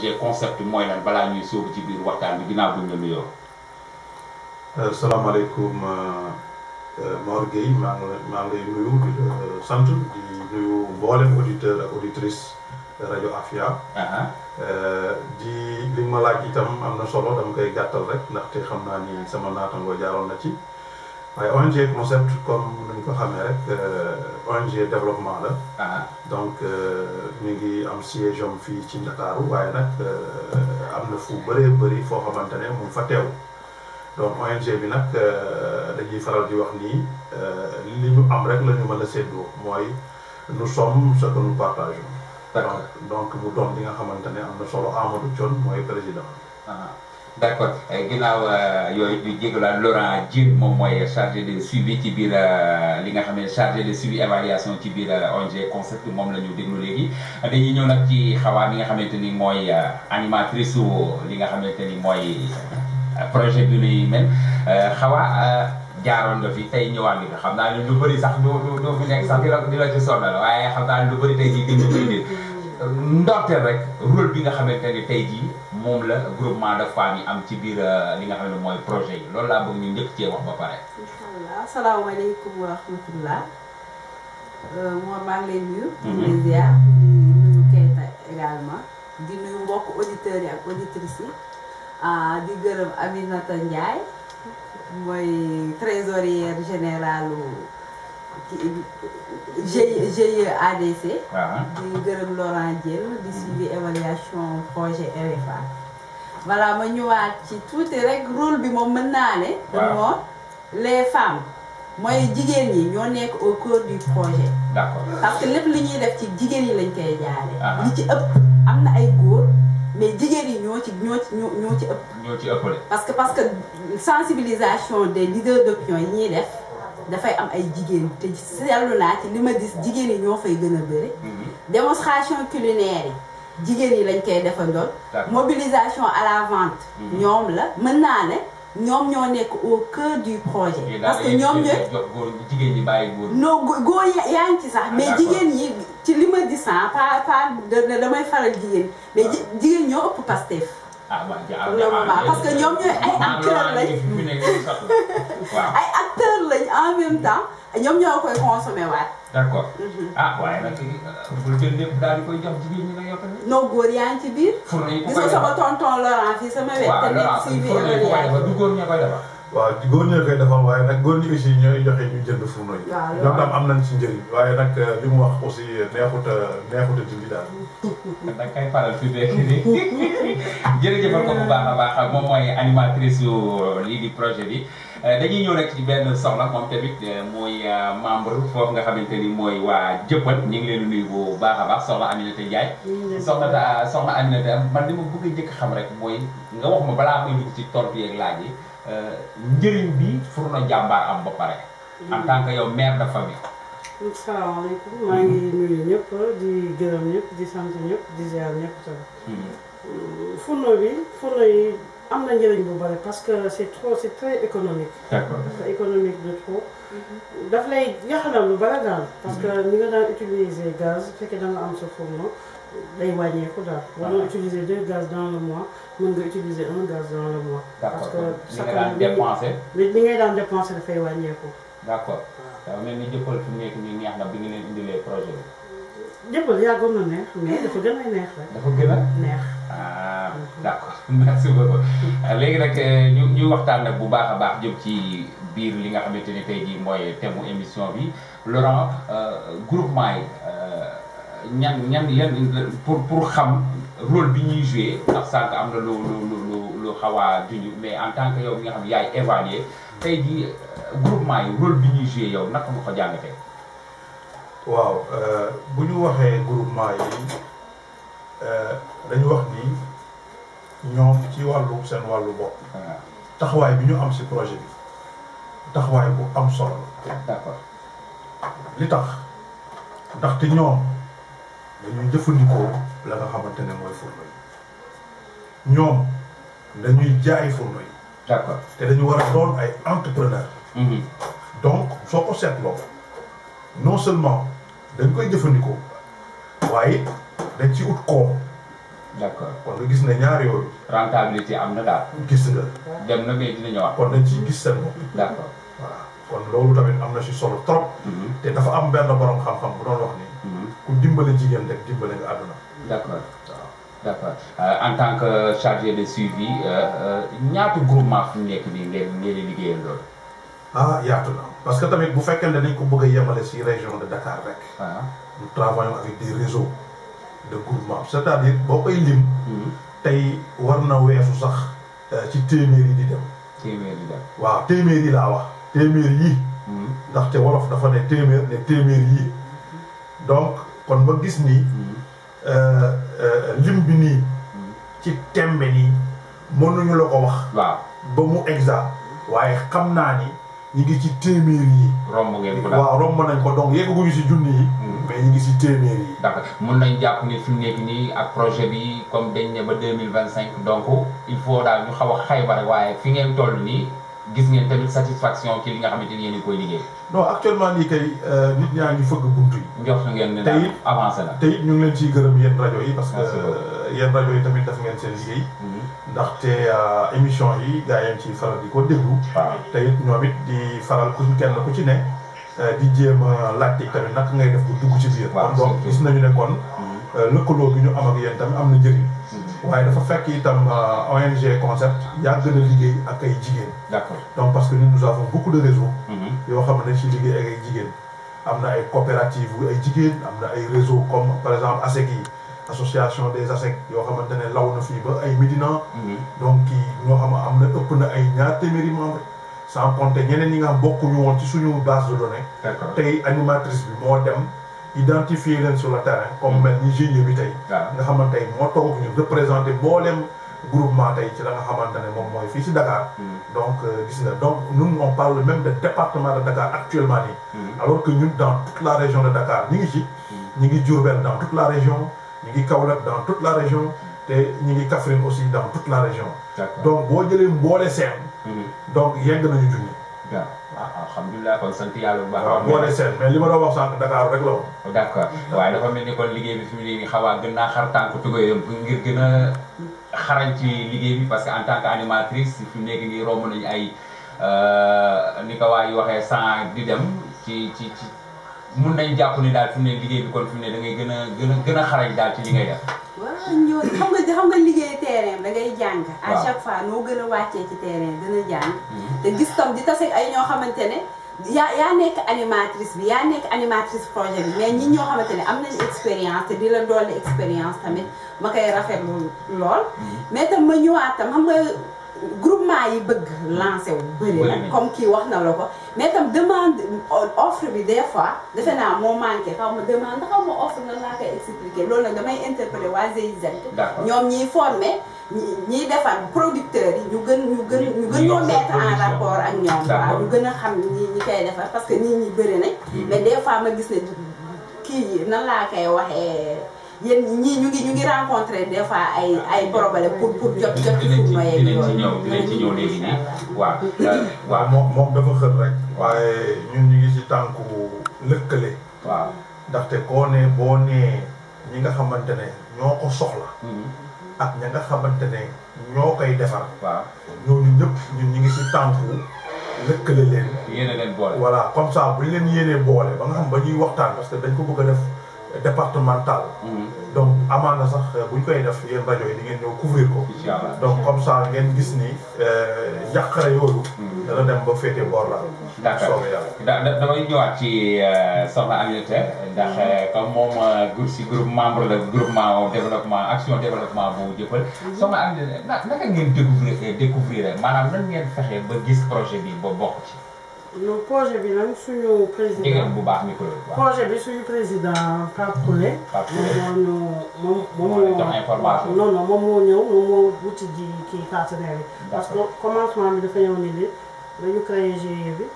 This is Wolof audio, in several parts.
projet concept mooy lan balaa ñuy sóobu ci biir waxtaan bi ginnaaw buñ la nuyoo. Euh, salaamaaleykum euh, euh, Mor Gueye maa ngi lay maa sant di nuyu mboolem auditeur ak auditrice rajo Afia. Uh-huh. di li ma laaj itam am na solo dama koy gàttal rek ndaxte xam naa ni sama naatango jaaroon na ci. waaye ONG concept comme ni ko xamee rek euh, ONG développement la. Ah. donc mi euh, ngi am siège am fii ci Ndakaaru waaye nag euh, am na fu bëree bëri foo xamante ne mu fa teew donc ONG bi nag dañuy faral di wax nii li ñu am rek la ñu mën a séddoo mooy nous sommes ce que nous donc bu doon li nga xamante ne am na solo Amadou Thion mooy président. Ah. d' accord ginnaaw euh, yooyu ñu jégaluwaat Laurent Dieng moom mooy chargé de suivi ci biir euh, li nga xam ne chargé de suivi évaluation ci biir euh, ONG concept moom lañu ñu déglu léegi yi ñëw nag ci xawaa mi nga xamante ni mooy animatrice su li nga xamante ni mooy projet bi nuy mel xawaa jaaroon nga fi tey ñëwaat nga xam naa ne lu bëri sax doo doo fi nekk sax di la di la ci sonal waaye xam naa ne lu bëri tey jii déglu muy nit mm. ndorteel rek rôle bi nga xamante ni tey jii. moom la groupement de femmes am ci biir euh, li nga xam ne mooy projet yi loolu laa bëgg ñu njëkk cee wax ba pare. incha allah asalaamaaleykum wa rahmatullah. Euh, moom maa ngi lay mhm. di nuyu mbokk auditeurs yi ak auditrices yi. Ah, di gërëm Aminata Ndiaye. mooy trésorière générale ci GIE e, ADC. Ah. di gërëm Laurent Diène di suivi évaluation projet RFA. voilà ma ñëwaat ci tuuti rek rôle bi moom mën naa ne. waaw moom les femmes. mooy jigéen ñi ñoo nekk au cœur du projet. d'accord parce que lépp li ñuy def ci jigéen yi lañ koy jaaree. Ah. li ci ëpp am na ay góor mais jigéen yi ñoo ci ñoo ci ñoo ci ëpp. ñoo ci ëppale. parce que parce que sensibilisation des leaders d'opinion yi ñuy def. dafay am ay jigéen te seetlu naa ci li ma gis jigéen yi ñoo fay gën a bëri. Mhm. démonstration culinaire yi. jigéen yi lañ koy defandoon. mobilisation à la vente. Mhm. ñoom la mën naa ne ñoom ñoo nekk au cœur du projet. parce que ñoom ñooy jigéen ñi bàyyi góor non yaa ngi ci sax ah, mais jigéen yi ci li ma gis ah pas damay faral jigéen mais jigéen ñoo ëpp Pastef. ah parce que ñoom ñooy ay acteurs lañ ay acteurs lañ en même temps ñoom ñoo koy consommé waat. góor yaa ngi ci biir. gis nga sama tonton Laurent fii sama wet. waaw Laurent fii fii du góor ña koy defar. waaw góor ñoo koy defal waaye nag góor ñi aussi ñooy joxe ñu jënd fourneau yi. waaw ñoom am nañ si njëriñ waaye nag euh, li mu wax aussi neexut a neexut a dindi daal. kon nag kay faral fi nekk nii ko bu baax a baax moom euh, projet bi. Euh, dañuy ñëw rek ci benn soxla moom tamit mooy membre foofu nga xamante ni mooy waa jëppal ñu ngi leen di nuyu bu baax a baax soxna Aminata Ndiaye. soxna daa soxna Aminata man li ma bëgg a xam rek mooy nga wax ma balaa may dugg ci tontu yeeg laaj yi. Euh, njëriñ bi Fourno jàmbaar am ba pare. en tant que yow mère de famille. salaamaaleykum maa ngi nuyu ñëpp di gërëm ñëpp di sant ñëpp di ziar ñëpp tamit. Hmm. Fourno bi Fourno yi am na njëriñ bu bari parce que c'est trop c'est très économique. d'accord c'est économique de trop. Mhm. daf lay yaxanal lu bari daal. parce hmm. que ni nga daan utiliser gaz fekkee da nga am sa fourneau. day wàññeeku daal. voilà ah. wala utiliser deux gaz dans le mois mën nga utiliser un gaz dans le mois. parce que sa kanam li ngay daan dépensé dafay wàññeeku. d' accord ah. waaw mel ni jëppal fi neex na bi nga leen indilee projet bi. jëppal yàggoon na neex mais dafa gën a neex rek. Ah, mm-hmm. léegi nag euh, ñu ñu waxtaan nag bu baax a baax jëm ci biir li nga xamante ni tey jii mooy thème émission bi Laurent euh, groupement yi. Euh, ñan ñan yan pour pour xam rôle bi ñuy joué ndax sànq am na lu lu lu lu xaw a junj mais en tant que yow mi nga yaay évalué tey jii euh, groupement yi rôle bi ñuy joué yow naka nga ko jàngatee. waaw euh, bu ñu waxee groupement yi euh, dañu wax ni ñoom ci wàllu seen wàllu bopp. Ah. taxawaay bi ñu am si projet bi taxawaay bu am solo. d'accord li tax ndaxte ñoom. dañuy jëfandikoo la nga xamante ne mooy fourneau yi ñoom ñuy jaay fourneau yi. d'accord te dañu war a doon ay entrepreneur mhm. donc soo ko seetloo non seulement dañ koy jëfandikoo waaye dañ ci ut koo. d'accord kon nga gis ne ñaar am na daal. gis nga. na mais dina ñëwaat. gis seen bopp. d'accord loolu tamit am na si solo trop. Mhm. te dafa am benn borom xam-xam bu doon wax ni. Mm-hmm. ku dimbale jigéen rek dimbale nga àdduna. d'accord d'accord euh, en tant que chargé de suivi euh, euh, ñaatu groupement fu nekk nii ngeen ngeen liggéeyal loolu. ah yaatu na parce que tamit bu fekkee ne dañ ko bëgg a yemale si région de Dakar rek. Ah. nous travaillons avec des réseaux de groupement c'est-à-dire boo koy lim. Mm-hmm. tey war na weesu sax ci téeméer yi di dem. dem waaw téeméer yi laa wax téeméer yi. Mm-hmm. ndaxte wolof dafa ne téeméer ne téeméer yi. donc kon ba gis ni euh, euh, lim bi nii ci tembe nii nañu la ko wax waaw ba mu exact waaye xam naa ni ñu ngi ci téeméer yi romb ngeen ko waaw romb nañ ko donc yeggaguñu si junni yi hmm. mais ñu ngi si téeméer yi d'accord mun nañ jàpp ni fi mu nii ak projet bi comme dañ ba deux mille vingt cinq donc il faut daal ñu xaw a xayma rek waaye fi ngeen toll nii gis ngeen tamit satisfaction ci li nga xam ni yéen koy liggéey. non actuellement nii kay euh, nit ñaa ngi fëgg buntu yi. njort ngeen ne daal avancé te ñu ngi leen ciy gërëm yéen rajo yi. parce que yéen rajo yi tamit daf ngeen seen liggéey. Mhm. te euh, émission yi gaa yi ci faral di ko déggu waaw te ñoom it di faral ku kenn ku ci ne. Euh, di jéem a laajte tamit naka ngay def ku dugg ci biir. waaw kon donc gis nañu ne kon. Mhm. lëkkaloo bi ñu am ak tamit am na jëriñ waaye dafa fekk itam euh, ONG concept yàgg na liggéey ak ay jigéen. d'accord donc parce que ñun nous avons beaucoup de réseaux. Mm-hmm. yoo xam ne ci liggéey ak ay jigéen. am na ay coopératives yu ay jigéen am na ay réseaux comme par exemple ASEC yi association des ASEC yoo xamante ne law na fii ba ay Médina. Mm-hmm. donc kii ñoo xam am na ëpp na ay ñaar téeméeri membres. sans compter ñeneen ñi nga xam bokkuñu woon ci suñu base de données. tey animatrice bi moo dem. identifier leen sur le terrain. comme mel ni bi tey. nga xamante ni moo toog ñu représenté mboolem groupement tey ci la nga xamante ne moom mooy fii si Dakar. Hmm. donc euh, gis nga donc nous on parle même de département de Dakar actuellement nii. Hmm. alors que ñun dans toute la région de Dakar ñu ngi ci. Hmm. ñu ngi Diourbel dans toute la région ñu ngi Kaolack dans toute la région. te ñu ngi Kaffrine aussi dans toute la région. donc boo jëlee mboole seen. donc yegg nañu junni. alhamdulilah kon sant yàlla bu baax. waaw moo ne seet mais li ma doon wax sànq Dakar rek la woon. d' accord waaye dafa mel ni kon liggéey bi fi mu ne nii xaw a gën naa xar tànk tugayam ngir gën a xarañ ci liggéey bi parce que en tant animatrice fi mu nekk nii romb nañu ay euh, ni ko waa yi waxee sans di dem ci ci ci. mun nañ jàpp ni daal fi ne liggéey bi kon fi ne da ngay gën a gën a gën xarañ daal ci li ngay ñoo xam nga xam nga liggéey terrain da ngay jàng. à chaque fois noo gën a wàccee ci terrain gën a jàng. Mhm. te gis tam di tase ay ñoo xamante ne. yaa yaa nekk animatrice bi yaa nekk animatrice projet bi mais ñi ñoo xamante ne am nañ expérience te di la dolli expérience tamit ma koy rafetlu lool. Mhm. mais tam ma ñëwaat tam xam nga. groupement yi bëgg lancé wu bëri na comme kii wax na la ko mais tam demande offre bi des fois defe naa moo manqué xaw ma demande xaw ma offre nan laa koy expliqué loolu nag damay interpellé waa GIZ ñoom ñiy formé ñiy defar producteurs yi ñu gën ñu gën ñu gën ñoo mettre en rapport ak ñoom waaw ñu gën a xam ñi ñi koy defar parce que nit ñi bëri nañ mm-hmm. mais des fois ma gis ne kii na laa koy waxee yéen ñii ñu ngi ñu ngi ay ay pour pour jot jot ci suñu noyyi bi loolu. dinañ ci dinañ ci ñëw léegi moom moom dafa rek. waaye ñun ñu ngi si tànku lëkkale. waaw ndaxte koo ñi nga xamante ne ñoo ko soxla. Mm-hmm. ak ne ñoo koy defar. waaw ñooñu ñëpp ñun ñu ngi si tànku. lëkkale leen. yéene leen boole. voilà comme ça bu ñu leen yéenee boole ba nga xam ba ñuy waxtaan parce que dañ ko bëgg a def. départemental. Mm-hmm. donc amaana sax euh, bu ñu koy def yéen rajo yi di ngeen ñëw couvrir ko. donc comme ça ngeen gis ni euh, yàqare yooyu. Mm-hmm. dana dem ba féete boor la. d' accord damay ñëwaat ci euh, soxna Aminata ndax mm-hmm. comme moom groupe si groupe membre la groupement développement action développement bu jëppal. soxna Aminata naka ngeen découvrir découvrir maanaam nan ngeen fexe ba gis projet bi ba bokk ci. ñun projet bi nag suñu président digal bu baax micro bi projet bi suñu président Pape Koulé. Pape Koulé moom moo ñu. moom non non moom moo ñëw moom moo wuti ji kii partenaire yi. parce que commencement bi dafa ñëw ni li dañu créé GIE bi.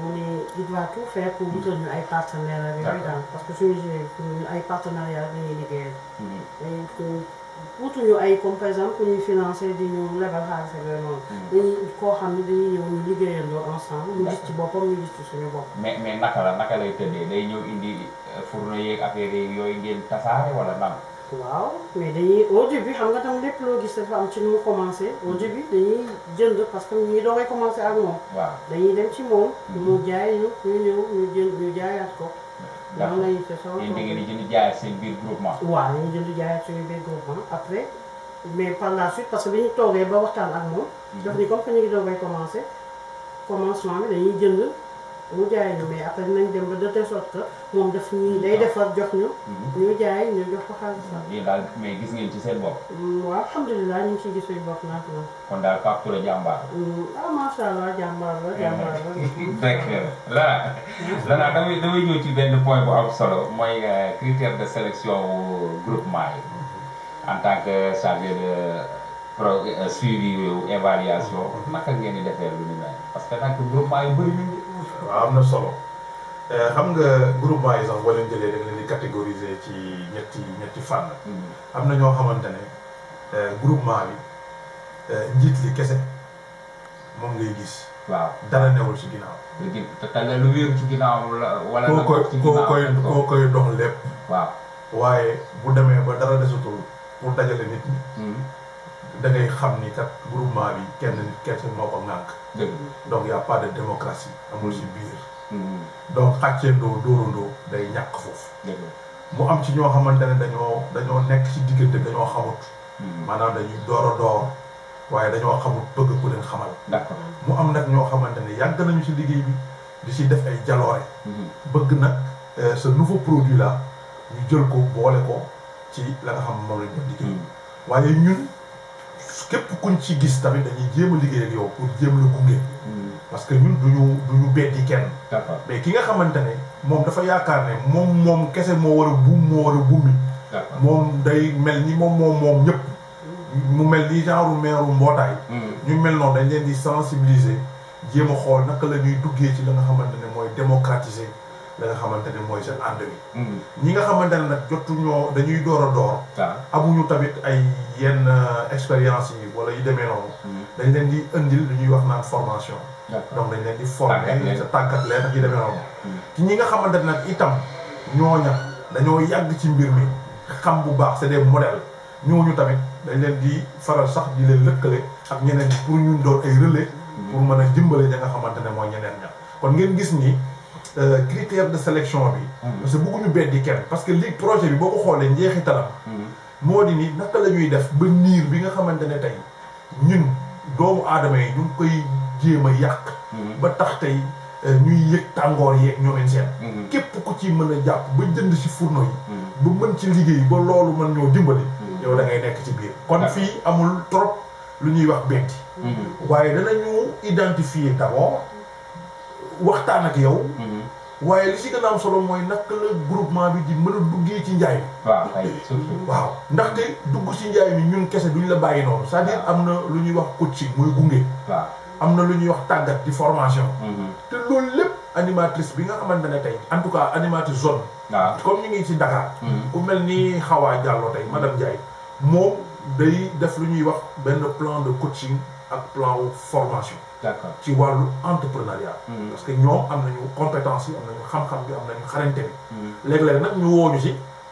mu ni il doit tout faire pour wutal ñu ay partenaires. d' parce que suñu GIE ñu ay partenariat la ñuy liggéeyal. wutuñu ay comme par exemple ñuy financé di ñu lebal xaalis ak hmm. koo xam ne dañuy ñëw ñu liggéeyandoo ensemble. ñu gis ci boppam ñu gis ci suñu bopp. mais mais naka la naka lay tëddee day ñëw indi euh, fourneau yeeg affaire yi yooyu ngeen tasaare wala nan. waaw mais dañuy au début xam nga tam lépp loo gis dafa am ci nu mu commencé au hmm. début dañuy jënd parce que ñi doogay commencé ak moom. dañuy dem ci moom. Hmm. mu jaay ñu ñu ñëw ñu jaayaat ko. waaw nañu ci sama bopp da ngeen di jënd jaayaat seen biir groupement. waaw dañuy jënd jaayaat suñu biir groupement après mais par la suite parce que bi ñu toogee ba waxtaan ak moom. Mm-hmm. daf ni comme que ñu ngi doogay commencé commencement bi dañuy jënd. ñu jaay ñu mais après nañ dem ba de telle sorte que moom daf ñuy mm-hmm. day defar jox ñu. Mm-hmm. ñu jaay ñu jox ko xaalisam. Mm-hmm. lii daal mais gis ngeen ci seen bopp. Mm, waaw alhamdulilah ñu ngi ciy gis suñu bopp naaf na. kon daal Pape Touré jàmbaar. Mm, ah macha allah jàmbaar la eh, jàmbaar la. dëgg damay damay ñëw ci benn point bu am solo mooy euh, critère de sélection groupement yi en tant que chargé de. pro euh, suivi naka ngeen di lu ni mel parce que nag groupement yu bëri nañu. waaw am na solo eh, xam nga groupement yi sax boo leen jëlee da nga ci ñetti ñetti fànn. Hmm. am na ñoo xamante ne eh, groupement bi eh, njiit li kese moom ngay gis. waaw dara newul ci ginnaaw. léegi te lu la. wala la koy koo koy dox lépp. waaw waaye bu demee ba dara desutul pour dajale nit da xam ni kat groupement bi kenn kese moo ko ŋànk. donc y' a pas de démocratie amul ci biir. Mm-hmm. donc xàcceendoo dóorandoo day ñàkk foofu. mu am ci ñoo xamante ne dañoo dañoo nekk si diggante dañoo xamut. Mm-hmm. maanaam dañuy door a waaye dañoo xamut bëgg ku leen xamal. d'accord mu am nag ñoo xamante ne yàgg nañu ci liggéey bi di si def ay jaloore. Mm-hmm. bëgg nag euh, ce nouveau produit la ñu jël ko boole ko ci la nga xam moom la ñu waaye ñun. képp kuñ ci gis tamit dañuy jéem a liggéey ak yow pour jéem la gunge. parce que ñun duñu duñu beddi kenn. mais ki nga xamante ne moom dafa yaakaar ne moom moom kese moo war a buum moo war a buumi. moom day mel ni moom moom moom ñëpp. mu mel ni genre meeru mbootaay. Hmm. ñu mel noonu dañ leen di sensibiliser jéem a xool naka la ñuy duggee ci la nga xamante ne mooy démocratiser. li nga xamante ne mooy seen ànd bi hmm. ñi nga xamante ne nag jotuñoo dañuy door a door amuñu tamit ay yenn euh, expérience yi wala yi demee noonu hmm. dañ leen di indil lu ñuy wax naa formation donc dañ leen di former sa tàggat leen ak yu demee noonu ci hmm. ñi nga xamante ne nag itam ñooña dañoo yàgg ci mbir mi xam bu baax c'est des modèles ñooñu tamit dañ leen di faral sax di leen lëkkale ak ñeneen pour ñu door ay relais pour mën a dimbale ña nga xamante ne mooy ñeneen ña kon ngeen gis ni Euh, critère de sélection bi. Mm-hmm. parce que bëgguñu beddi kenn parce que li projet bi boo ko xoolee njeexitalam. Mm-hmm. moo di ni naka la ñuy def ba niir bi nga xamante ne tey ñun doomu aadama yi ñu koy jéem a yàq. Mm-hmm. ba tax tey euh, ñuy yëg tàngoor yeeg ñoo leen képp ku ci mën a jàpp ba jënd si fourneau yi. ba mën ci liggéey ba loolu mën ñoo dimbali. yow da ngay nekk ci biir. kon fii amul trop lu ñuy wax beddi. waaye danañu identifier d'abord. waxtaan ak yow. Mhm. waaye li si gën solo mooy naka la groupement bi ji mën a duggee ci njaay mi. waaw ndaxte dugg ci njaay mi ñun kese duñ la bàyyi noonu cest à am na lu ñuy wax coaching muy gunge. waaw am na lu ñuy wax tàggat di formation. Mhm. te loolu lépp animatrice bi nga xamante ne tey en tout cas animatrice zone. waaw comme ñu ngi ci Dakar. Mhm. ku mel ni Xawa Diallo tey madame Ndiaye moom day def lu ñuy wax benn plan de coaching ak plan formation. d'accord ci wàllu entrepreneuriat. Mm-hmm. parce que ñoom am nañu compétence yi am nañu xam-xam bi am nañu xarañte bi. Mm-hmm. léeg-léeg nag ñu woo ñu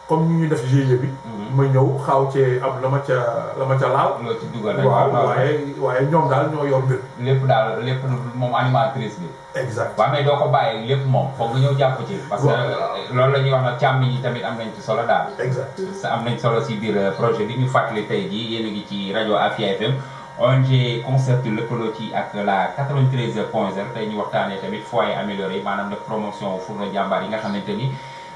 comme ñu ñu def GIE bi. Mm-hmm. ma ñëw xaaw cee am la ma ca la ma ca laal. loo ci dugal rek waaw waaye waaye ñoom daal ñoo yor lépp daal lépp moom animatrice bi. exact waaw mais doo ko bàyyi lépp moom foog nga ñëw jàpp ci. parce que euh, loolu la ñuy wax nag càmm yi tamit am nañ ci solo daal. exact am nañ solo si biir euh, projet bi ñu fàttali tey jii yéen a ngi ci rajo Afia FM. ONG concept lëkkaloo ci ak la 93 point 0 tey ñu waxtaanee tamit foyer amélioré maanaam nag promotion fourneau jàmbaar yi nga xamante ni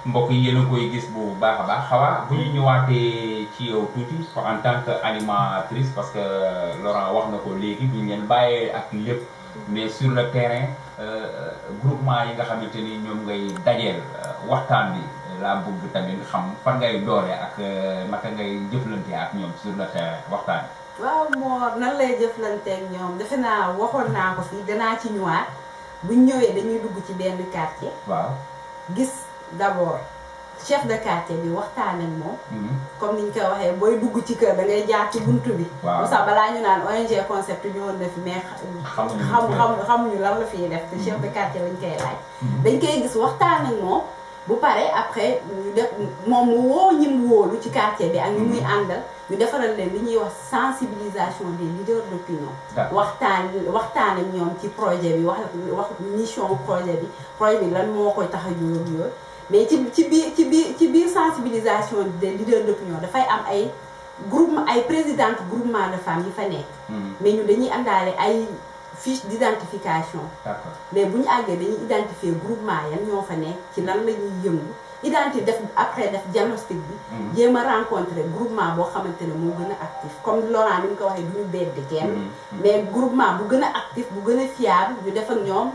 mbokk yi yéen a koy gis bu baax a baax xawaa bu ñu ñëwaatee ci yow tuuti en tant que animatrice parce que euh, Laurent wax na ko léegi bu ñu bàyyee ak lépp mais sur le terrain euh, euh, groupement yi nga xamante ni ñoom ngay dajeel waxtaan bi laa bëgg tamit xam fan ngay doole ak naka ngay jëflante ak ñoom sur le terrain waaw moo nan lay jëflanteeg ñoom defe naa waxoon naa ko fii danaa ci ñëwaat buñ ñëwee dañuy dugg ci benn quartier. waaw gis d'abord chef de quartier bi waxtaan ak moom. Mm-hmm. comme niñ koy waxee booy dugg ci kër da ngay jaar ci bunt bi. waaw sax balaa ñu naan ONG concept ñëwoon na fi mais. xamuñu xam xamuñu lan la fiy def te mm-hmm. chef de quartier lañ koy laaj. Mm-hmm. dañ koy gis waxtaan ak moom. bu pare après ñu def moom mu woo wóolu ci quartier bi ak ñu muy mm-hmm. àndal ñu defaral leen li ñuy wax sensibilisation des leaders d'opinion waxtaan waxtaan ñoom ci projet bi wax mission projet bi projet bi lan moo koy tax a jóor mais ci ci biir ci biir ci biir sensibilisation des leaders d'opinion dafay am ay groupe ay présidente groupement de femmes yi fa nekk mm-hmm. mais ñu dañuy àndaale ay fiche d' identification. mais bu ñu àggee dañuy identifier groupement yan ñoo fa nekk ci lan la ñuy yëngu. identifier def après def diagnostic bi. Mhm. jéem a rencontrer groupement boo xamante ne moo gën a actif comme Laurent ni mu ko waxee du ñu bedd kenn. Mhm. Mhm. mais groupement bu gën a actif bu gën a fiable ñu def ñoom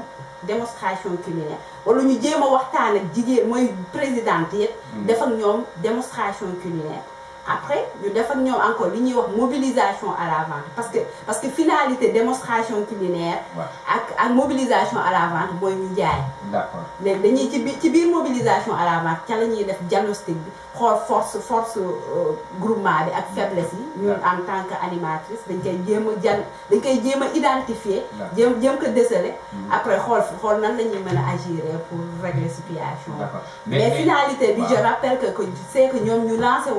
démonstration criminelle wala ñu jéem a waxtaan ak jigéen mooy présidente yëpp. def ak ñoom démonstration criminelle. après ñu def ñoo ñoom encore li ñuy wax mobilisation à la parce que parce que finalité démonstration culinaire. ak ak mobilisation à la vente mooy ñu jaay. d'accord léegi dañuy ci biir ci biir mobilisation à la vente ca la ñuy def diagnostic bi xool force force euh, groupement bi ak faiblesse yi. ñun en tant que animatrice dañ koy jéem a jan dañ koy jéem a identifier. jéem jéem ko déceler. Mm-hmm. après xool xool nan la ñuy mën a agir pour régler situation. mais finalité bi je rappelle que que ñoom ñu lancé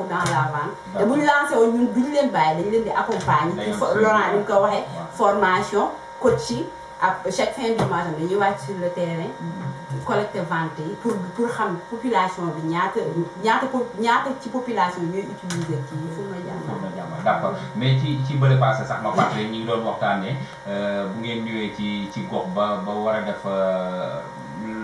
Laurent te bu ñu lancé woon ñun duñu leen bàyyi dañu leen di accompagner ci Laurent ni mu ko waxee formation coaching ak chaque fin du mois dañuy wàcc sur le terrain mm-hmm. collecte vente yi pour pour xam population bi ñaata ñaata ñaata ci population ñooy utiliser ci fu ma jàmm d'accord mais ci ci bële passé sax ma fàttali ñu ngi doon waxtaanee euh, bu ngeen ñëwee ci ci gox ba ba war a def euh,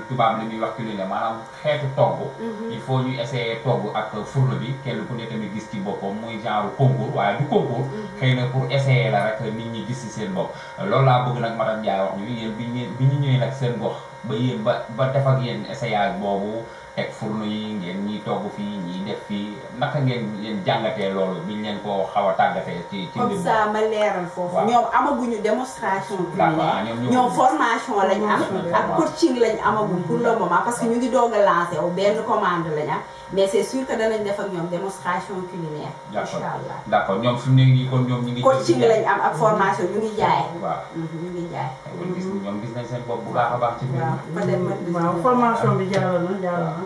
tubaab li muy wax culine la maanaam xeetu togg mhm. il faut ñu essayer togg ak fourne bi kenn ku ne tamit gis ci boppam muy genre concours waaye du concours mhm. xëy na pour essayer la rek nit ñi gis ci seen bopp loolu laa bëgg nag madame Ndiaye wax ñu yéen bi ñu ñëwee nag seen gox ba yéen ba ba def ak yéen boobu teg fourneau yi ngeen ñi togg fii ñi def fii naka ngeen leen jàngatee loolu biñ leen ko xaw a tàggatee. ci ci comme ça ma leeral foofu. ñoom amaguñu démonstration. d' ah, ñoom formation lañ am. ak coaching lañ amagum le moment parce que ñu ngi doog a lancé wu benn commande lañ am mais c' est sûr que danañ def ñoom démonstration culinaire. incha allah ñoom fi mu ne nii kon ñoom ñu ngi. coaching lañ am ak formation ñu ngi mhm. jaay. Mhm, mhm. ñoom gis nañ seen bopp a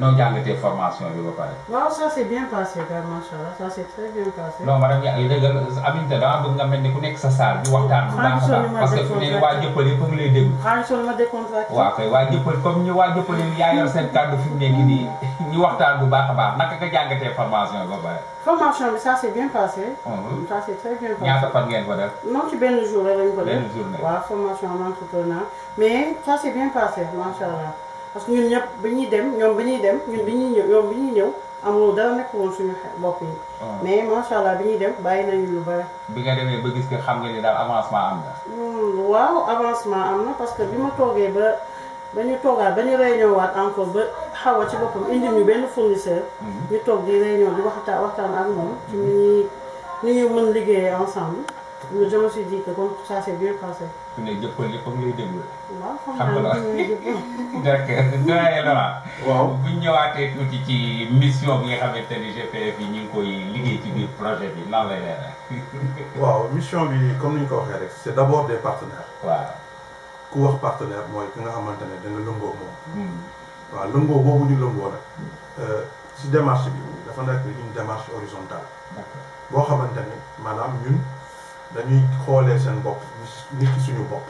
noo jàngatee formation bi ba pare. waaw ça s'est bien passé daal macha allah ça s'est très bien passé. non madame Ndiaye dégg nga Aminata dama bëgg nga mel ni ku nekk sa saal bi waxtaan. xaaral parce que fu a ngi lay déglu. xaaral soo ma décontracté. waaw kay waa Jëppal comme ñu waa Jëppal yi yaa yor seen kàddu fi mu nekk nii ñu waxtaan bu baax a baax naka nga jàngatee formation bi ba pare. formation bi ça s'est bien passé. Oh, ça s'est très bien passé. non ci benn jour rek lañ ko def. benn journée waaw formation en entrepreneur mais ça s'est bien passé parce que ñun ñëpp bi ñuy dem ñoom bi ñuy dem ñun bi ñuy ñëw ñoom bi ñëw amul dara nekk woon suñu ah. mais macha allah bi ñuy dem bàyyi nañu lu bari. bi gis xam nga ni daal avancement am hmm, waaw avancement am parce que bi ma toogee ba ba ñu toogaat ba ñu réunion waat encore ba xaw a ci boppam indi benn fournisseur. Hmm. ñu toog di réunion di waxtaan waxtaan ak moom. ci ni ñuy ni ñuy mën ensemble. je me suis dit que comme ça c' est bien passé. ku ne jëppal li waaw xam ne d' accord ci mission bi nga xamante ni GPF yi ñu ngi koy liggéey ci biir projet bi lan lay leeral. waaw mission bi comme ni ñu ko waxee rek c' est d' abord des partenaires. waaw ku wax partenaire mooy ki nga xamante ne danga lëngoo moom. waaw lëngoo boobu ñu lëngoo nag si démarche bi dafa nekk une démarche horizontale. boo xamante ne maanaam ñun. dañuy xoolee seen bopp nit ki suñu bopp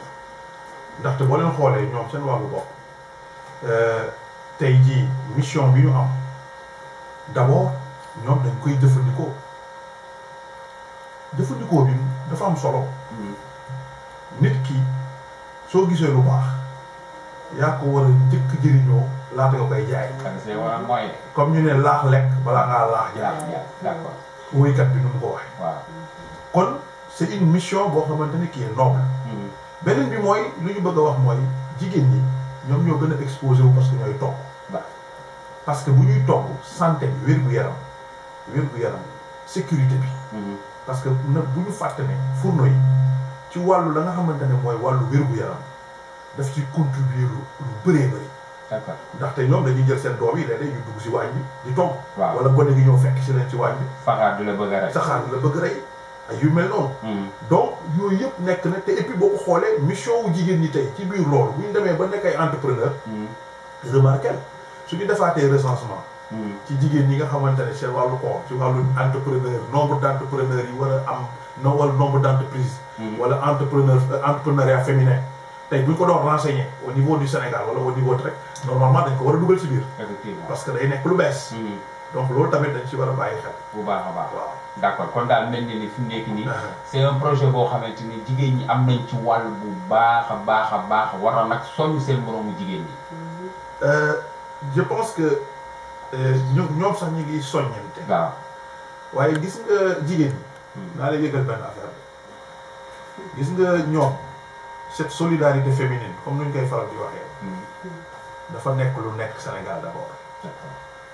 ndaxte boo leen xoolee ñoom seen wàllu bopp euh, tey jii mission bi ñu am d'abord ñoom dañ koy jëfandikoo jëfandikoo bi dafa am solo mm-hmm. nit ki soo gisee lu baax yaa ko war a njëkk jëriñoo laata nga koy jaay. comme ñu ne laax lekk balaa ngaa laax jaar. d'accord bi nu mu ko waxee. kon. c' une mission boo xamante ne qui est noble. Mm-hmm. beneen bi mooy lu ñu bëgg a wax mooy jigéen ñi ñoom ñoo gën a exposé wu parce que parce que bu ñuy togg santé bi wér gu yaram wér gu yaram sécurité bi. Mm-hmm. parce que nag bu ñu fàtte ne fourneau yi ci wàllu la nga xamante ne mooy wàllu wér gu yaram daf ci contribuer lu lu bëree bëri. d'accord ndaxte ñoom dañuy jël seen doom yi léeg-léeg ñu dugg si waañ bi di togg. wala gone gi ñoo fekk ci leen ci waañ bi. saxaar du la bëgg a rey saxaar du la bëgg a rey. ak yu mel noonu. Hmm. donc yooyu yëpp nekk na te et puis boo xoolee mission wu jigéen ñi tey ci biir loolu bu ñu demee ba nekk ay entrepreneur. Hmm. remarqué su ñu defaatee recensement. Hmm. ci jigéen ñi nga xamante ne ci wàllu koom ci wàllu entrepreneur nombre d' entrepreneurs yi war a am no wala nombre d' entreprise. wala entrepreneur euh, entrepreneuriat féminin. tey bu ñu ko doon renseigner au niveau du Sénégal wala au niveau rek normalement dañ ko war a dugal ci biir. parce que day nekk lu bees. loolu tamit dañ war a bàyyi xel. a baax d' accord kon daal mel na ni fi mu nekk nii. Ah. c' est un projet boo xamante ni jigéen ñi am nañ ci wàll bu baax a baax a baax war na nag soññ seen moroomu jigéen ñi. Euh, je pense que euh, ñoom sax ñu ngi soññante. waaw waaye gis nga jigéen ñi. Hmm. naa la yëgal benn affaire bi. gis nga ñoom cette solidarité féminine comme nuñ koy faral di waxee. Hmm. dafa nekk lu nekk Sénégal d' abord.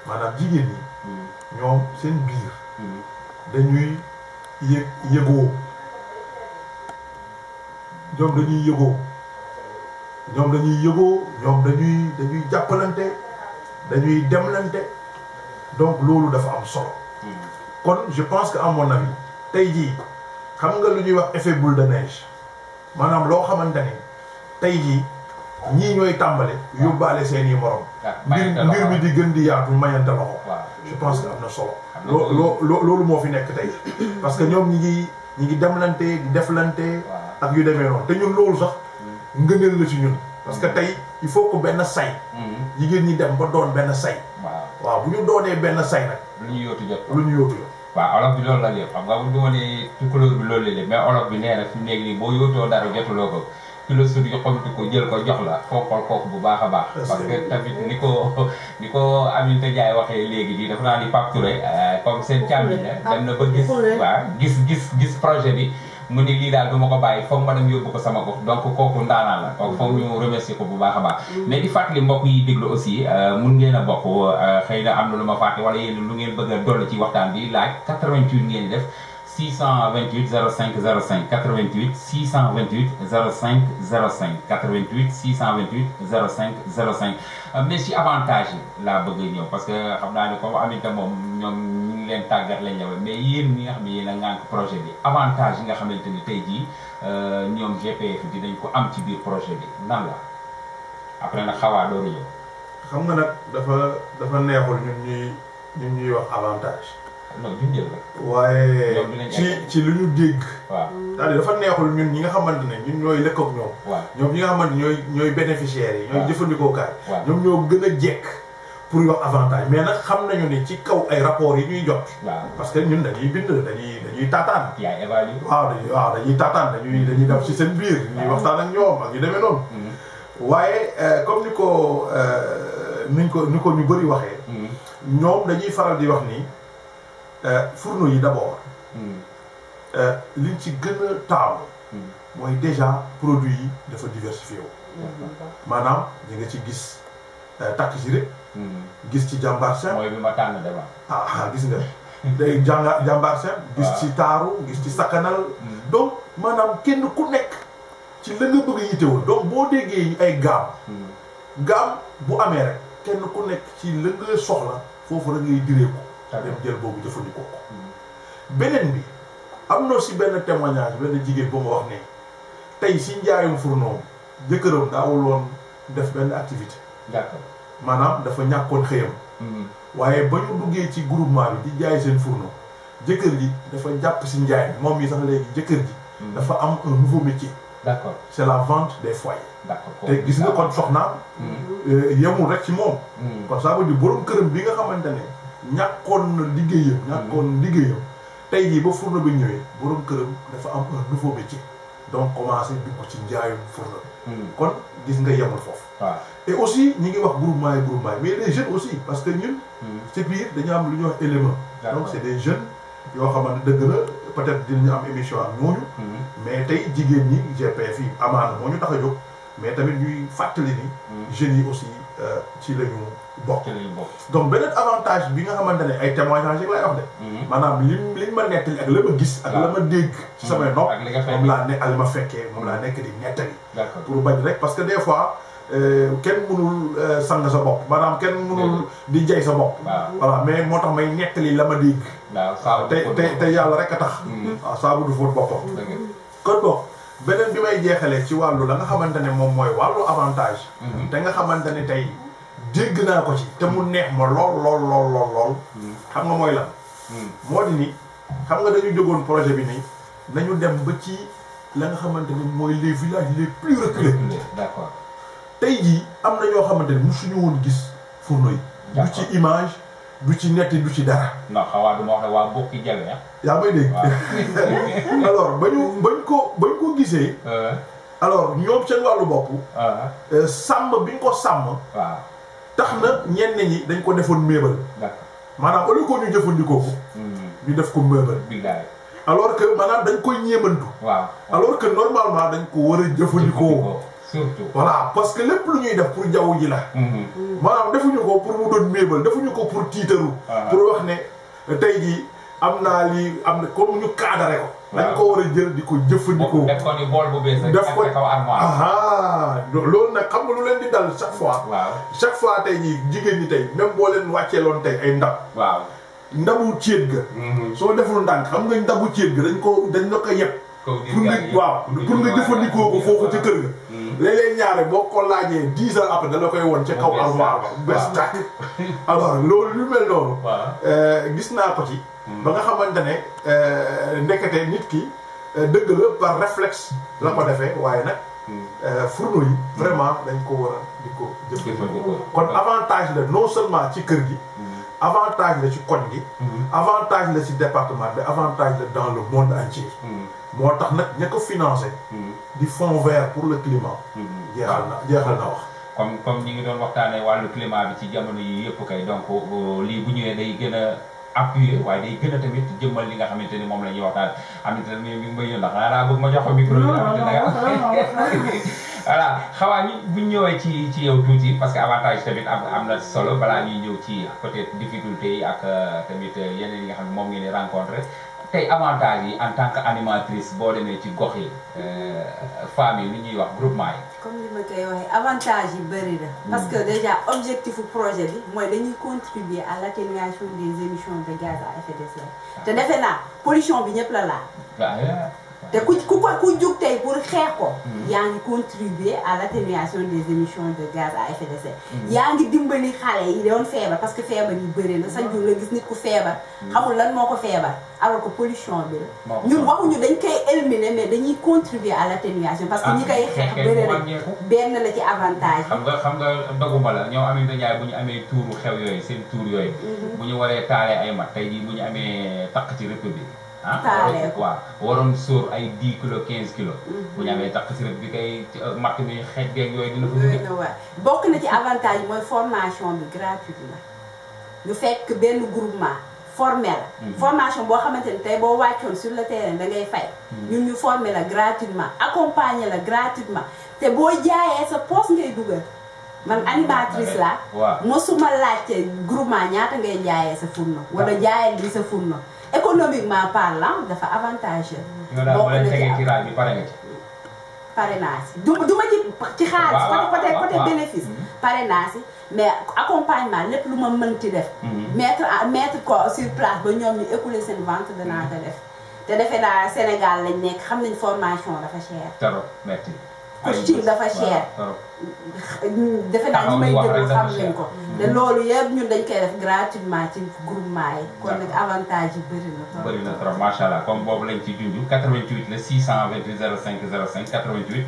maanaam jigéen ñi. Hmm. ñoom seen biir. dañuy yëg yëgoo ñoom dañuy yëgoo ñoom dañuy yëgoo ñoom dañuy dañuy jàppalante dañuy demlante donc loolu dafa am solo kon je pense que amoon na avis tey jii xam nga lu ñuy wax effet boule de neige maanaam loo xamante ne tey jii ñii ñooy tàmbale yóbbaale seen i morom ah, mbir mbir mi di gën di yaatu mayante loxo je pense que am na solo loo loo loolu moo fi nekk tey parce que ñoom ñi ngi ñi ngi demlante di deflante ak yu demee noonu te ñun loolu sax hmm. ngëneel la ci ñun parce que hmm. tey il faut que benn say hmm. jigéen ñi dem ba doon benn say waaw bu ñu doonee benn say nag lu ñu yóotu jot lu ñu yóotu jot waaw olof bi loolu la lépp xam nga bu ñu woonee bi loolu la mais olof bi nee na fi mu nekk boo yóotoo dara jotuloo ko kilo suuf yi xomtu ko jël ko jox la foofal kooku bu baax a baax. parce que tamit ni ko ni ko am Aminata Ndiaye waxee léegi nii dafa naa ni Pape Touré euh, comme seen càmmiñ la dem na ah, ba gis waaw gis gis gis projet bi. mu ni lii daal du ma ko bàyyi foog ma dem yóbbu ko sama gox donc kooku ndaanaan la kooku foog ñu remercier ko bu baax a baax mm. mais di fàttali mbokk yi déglu aussi euh, mun ngeen a bokk euh, xëy na am na lu ma fàtte wala yenn lu ngeen bëgg a dolli ci waxtaan bi laaj 88 ngeen def 628 05 05 88 628 05 05 88 628 05 05 mais ci avantage yi laa bëgg ñëw parce que xam naa ne comme Aminta moom ñoom ñu ngi leen tàggat lañ ñëw mais yéen ñi nga xam ne yéen a ngànk projet bi avantage yi nga xamante ni tey jii euh, ñoom GPF dinañ ko am ci biir projet bi nan la après nag xawaa dooru ñëw xam nga nag dafa neexul ñun ñuy ñun ñuy avantage non duñ jël nag. waaye ci ci lu ñu dégg. waaw dafa neexul ñun ñi nga xamante ne ñun ñooy lëkkoog ñoom. ñoom ñi nga xamante ñooy ñooy bénéficiaires yi. ñooy jëfandikookaay. waaw ñoom ñoo gën a jekk pour yox avantage mais nag xam nañu ni ci kaw ay rapport yi ñuy jot. parce que ñun dañuy bind dañuy dañuy taataan. yaay évalué. waaw dañuy waaw dañuy taataan dañuy dañuy ci seen biir. ñuy waxtaan ak ñoom ak ñu demee noonu. Mm-hmm. waaye euh, comme ni ko euh, ni ko ni ko ñu bëri waxee. Mm-hmm. ñoom dañuy faral di wax ni Euh, fourneau yi d' abord. Hmm. Euh, liñ ci gën a taamu. Hmm. mooy déjà produit yi dafa diversifié wu. Mhm. maanaam ñu nga ci gis euh, takk ci rek. Hmm. gis ci jàmbaar seen. mooy bi ah, ah gis nga day jànga jàmbaar seen. gis ci taaru gis ci sakkanal. donc maanaam kenn ku nekk ci la nga bëgg a yitewoo donc boo déggee ay gaam. gaam bu amee rek kenn ku nekk ci la soxla foofu rek ngay diree dem jël boobu jëfandikoo bi am na si benn témoignage benn jigéen bu ma ne tey si njaayum fourneau jëkkëram daawul woon def benn activité d'accord dafa ñàkkoon xëyam mm-hmm. waaye ba ñu duggee ci groupement bi di jaay seen fourneau jëkkër ji dafa jàpp si njaay moom yi sax léegi jëkkër ji mm-hmm. dafa am un nouveau métier d'accord c'est la vente des foyers te gis nga kon soxnaam mm-hmm. euh, yemul rek ci moom kon ça veut dire këram bi nga xamante ne ñàkkoon na liggéeyam mm. ñàkkoon liggéeyam tey jii ba fourneau bi ñëwee borom këram dafa am un nouveau métier donc commencé dugg ci njaayum fourneau bi mm. kon gis nga yemul foofu ah. te aussi ñi ngi wax groupement yi groupement yi mais les jeunes aussi parce que ñun mm. ci biir dañu am lu ñuy wax élément donc c' est des jeunes yoo xamante dëgg la peut être ñu am émission ak ñooñu mais tey jigéen ñi GPF yi amaana moo ñu tax a jóg mais tamit ñuy fàttali ni jeunes yi aussi euh, ci la bokk donc beneen avantage bi nga xamante ne ay témoignage rek lay wax de. Mhm. maanaam li li ma nettali ak la ma gis. ak la ma dégg. samay nopp moom laa ne ak li ma fekkee moom laa mhm. nekk di nettali. pour rek parce que des fois euh, kenn mënul euh, sang sa bopp maanaam kenn mënul mhm. di jay sa bopp. mais moo tax may nettali la ma dégg. waaw te te te yàlla rek a tax. waaw ah, saabu du fóot boppam. kon boog beneen bi may jeexalee ci wàllu la nga xamante ne moom mooy wàllu avantage. te nga xamante ne tey. dégg naa ko ci te mu neex ma lool lool lool lool hmm. xam nga mooy lan. Hmm. moo di ni xam nga dañu jógoon projet bi nii nañu dem ba ci la nga xamante ni mooy les villages les plus reculés. d'accord tey jii am na ñoo xamante ni musuñu woon gis fourneau yi. du ci image du ci nett du ci dara. non xawaa du ma wax waa bokki jawe ah. yaa may dégg alors ba ñu bañ ko bañ ko gisee. Euh. alors ñoom seen wàllu bopp. Euh. Euh, sàmm bi ñu ko sàmm. tax na ñenn ñi dañ ko defoon meebal. maanaam au lieu que ñu jëfandikoo ko. Hmm. ñu def ko meebal. alors que maanaam dañ koy ñeebantu. waaw alors que normalement dañ ko war a jëfandikoo. surtout voilà parce que lépp lu ñuy def pour jaww ji la. Hmm. maanaam defuñu ko pour mu doon meebal defuñu ko pour tiitaru. Ah. pour wax ne tey jii. am naa lii am na comme ñu cadré ko. dañ ko war a jël di ko jëfandikoo. def ko bool bu bees def ko loolu nag xam nga lu leen di dal chaque fois. chaque fois tey jigéen ñi tey même boo leen wàcceeloon tey ay ndab. waaw ndabu céet ga. Mhm. soo deful ndànk xam nga ndabu céet ga dañ ko dañ la ko yeb. pour nga waaw pour nga jëfandikoo ko foofu ci kër ga. Mhm. léeg-léeg ñaare boo ko laajee dix ans après koy won ca kaw armoire ba bes tàkk alors loolu lu mel noonu euh, gis naa ko ci ba nga xamante ne euh, ndekete nit ki euh, dëgg la par réflexe la ko defee waaye nag euh, fourneau yi vraiment dañ ko war a di ko jëfandikoo kon avantage la non seulement ci kër gi mm-hmm. avantage la ci koñ gi mm-hmm. avantage la ci département bi avantage la dans le monde entier mm-hmm. moo tax nag ña ko financé di fonds vert pour le climat jeexal na ah. jeexal na wax comme comme ñi ngi doon waxtaanee wàllu climat bi ci jamono yi yëpp kay donc lii bu ñëwee day gën a appuyer waaye day gën a tamit jëmmal li nga xamante ni moom la ñuy waxtaan xamante ne mi ngi may yëngu ndax xanaa bëgg ma jox ko micro bi. ne voilà xawaa ñu bu ñu ñëwee ci ci yow tuuti parce que avantage tamit am am na solo balaa ñuy ñëw ci peut-être difficulté yi ak euh, tamit euh, yeneen yi nga xam ne moom ngeen di rencontré. tey avantage yi en tant que animatrice boole demee ci gox yi euh, femmes yi li ñuy wax groupement yi. comme ni ma koy waxee avantage yi bëri na. parce que déjà objectif projet bi mooy dañuy contribuer à l' atténuation des émissions de gaz à effet de serre. te defe naa pollution bi ñëpp la laal. te ku ku ko ku jug tey pour xeex ko. yaa ngi contribuer à l'atténuation des émissions de gaz à effet de mm. yaa ngi dimbali xale yi doon feebar parce que feebar yi bëri na mm. sax jur la gis nit ku feebar. Mm. xamul lan moo ko feebar alors ko pollution bi la. ñun waxuñu dañ koy éliminer mais dañuy contribuer à l'atténuation parce que ñi kay xeex ah, bëri na benn la ci avantage. xam nga xam nga ndoguma la ñoo ñoom Aminata Ndiaye bu ñu amee tuuru xew yooyu seen tuur yooyu. Mm-hmm. bu ñu waree taalee ay mat ñu amee takk ci rëpp bi. ah waroon waaw ay dix kilos quinze kilos. bu mhm. ñu takk si rek bi kay euh, matt mi xeet geeg yooyu dina ko. dina ko bokk na ci avantage bi mooy formation bi gratuite la ñu fekk benn groupement formé la. Mhm. formation boo xamante ni tey boo wàccoon sur le terrain da ngay fay. Mhm. ñun ñu formé la gratuitement accompagné la gratuitement te boo jaayee sa poste ngay dugal. man animatrice laa. mosuma laajte groupement ñaata ngay jaayee sa fourneau. wala jaayee li sa fourneau. économiquement parlant dafa avantageux. boo ko ci raay bi pare nga ci. pare naa si du du ma ci ci xaalis. waaw côté côté bénéfice. Mm-hmm. pare naa si mais accompagnement lépp lu ma ci def. Mm-hmm. mettre à mettre ko sur place ba ñoom ñu écouler seen vente danaa ko mm-hmm. def. te defe naa Sénégal lañ nekk xam nañ formation dafa cher. trop merci. costume dafa cher. defe naa ñu may déglu xam nañ ko te loolu yëpp ñun dañ koy def gratuitement ci groupement yi kon nag avantage yi bëri na trop bëri na trop macha allah comme boobu lañ ci junj 88 la 628 05 05 88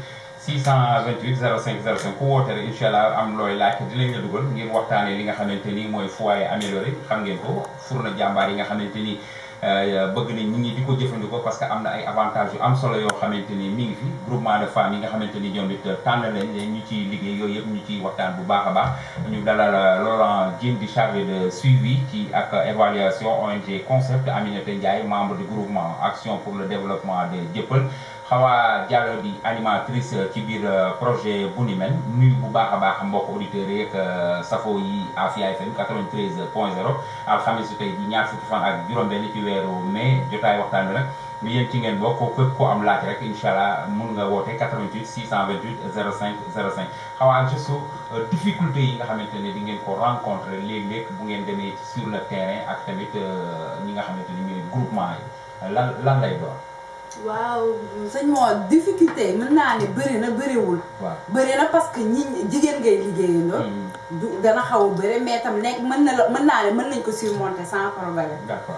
628 05 05 ku woote rek incha allah am looy laajte dinañ la dugal ngir waxtaanee li nga xamante ni mooy foyer amélioré xam ngeen ko fur na jàmbaar yi nga xamante ni Euh, bëgg nañ nit ñi di ko jëfandikoo parce que am na ay avantages yu am solo yoo xamante ni mi ngi fi groupement de femmes yi nga xamante ni ñoom it euh, tànn leen ñu ci liggéey yooyu yëpp ñu ciy waxtaan bu baax a baax ñu dalal euh, Laurent Diène di chargé de suivi ci ak évaluation ONG Concept Aminata Ndiaye membre du groupement action pour le développement des Dieuppeul Awa Diallo bi animatrice ci biir euh, projet bu ni mel nuyu bu baax a baax mbokk auditeurs yeeg euh, safo yi Afia FM 93 point 0 alxames tey ji ñaar fukki fan ak juróom-benn ci weeru mai jotaay waxtaan bi nag ñu yéen ci ngeen bokk képp ko am laaj rek incha allah mun nga woote 88 628 05 05 xawaa juste difficulté yi nga xamante ne di ngeen ko rencontré léeg-léeg bu ngeen demee sur le terrain ak tamit euh, ñi nga xamante ne ñooy groupement yi lan lan lay doon. waaw sëñ moo difficulté yi mën naa ne bëri na bëriwul. waaw bëri na parce que ñi jigéen ngay liggéeyandoo. Mm-hmm. du dana xaw a bëri mais tam nekk mën na la mën naa ne mën nañ ko surmonter sans problème. d'accord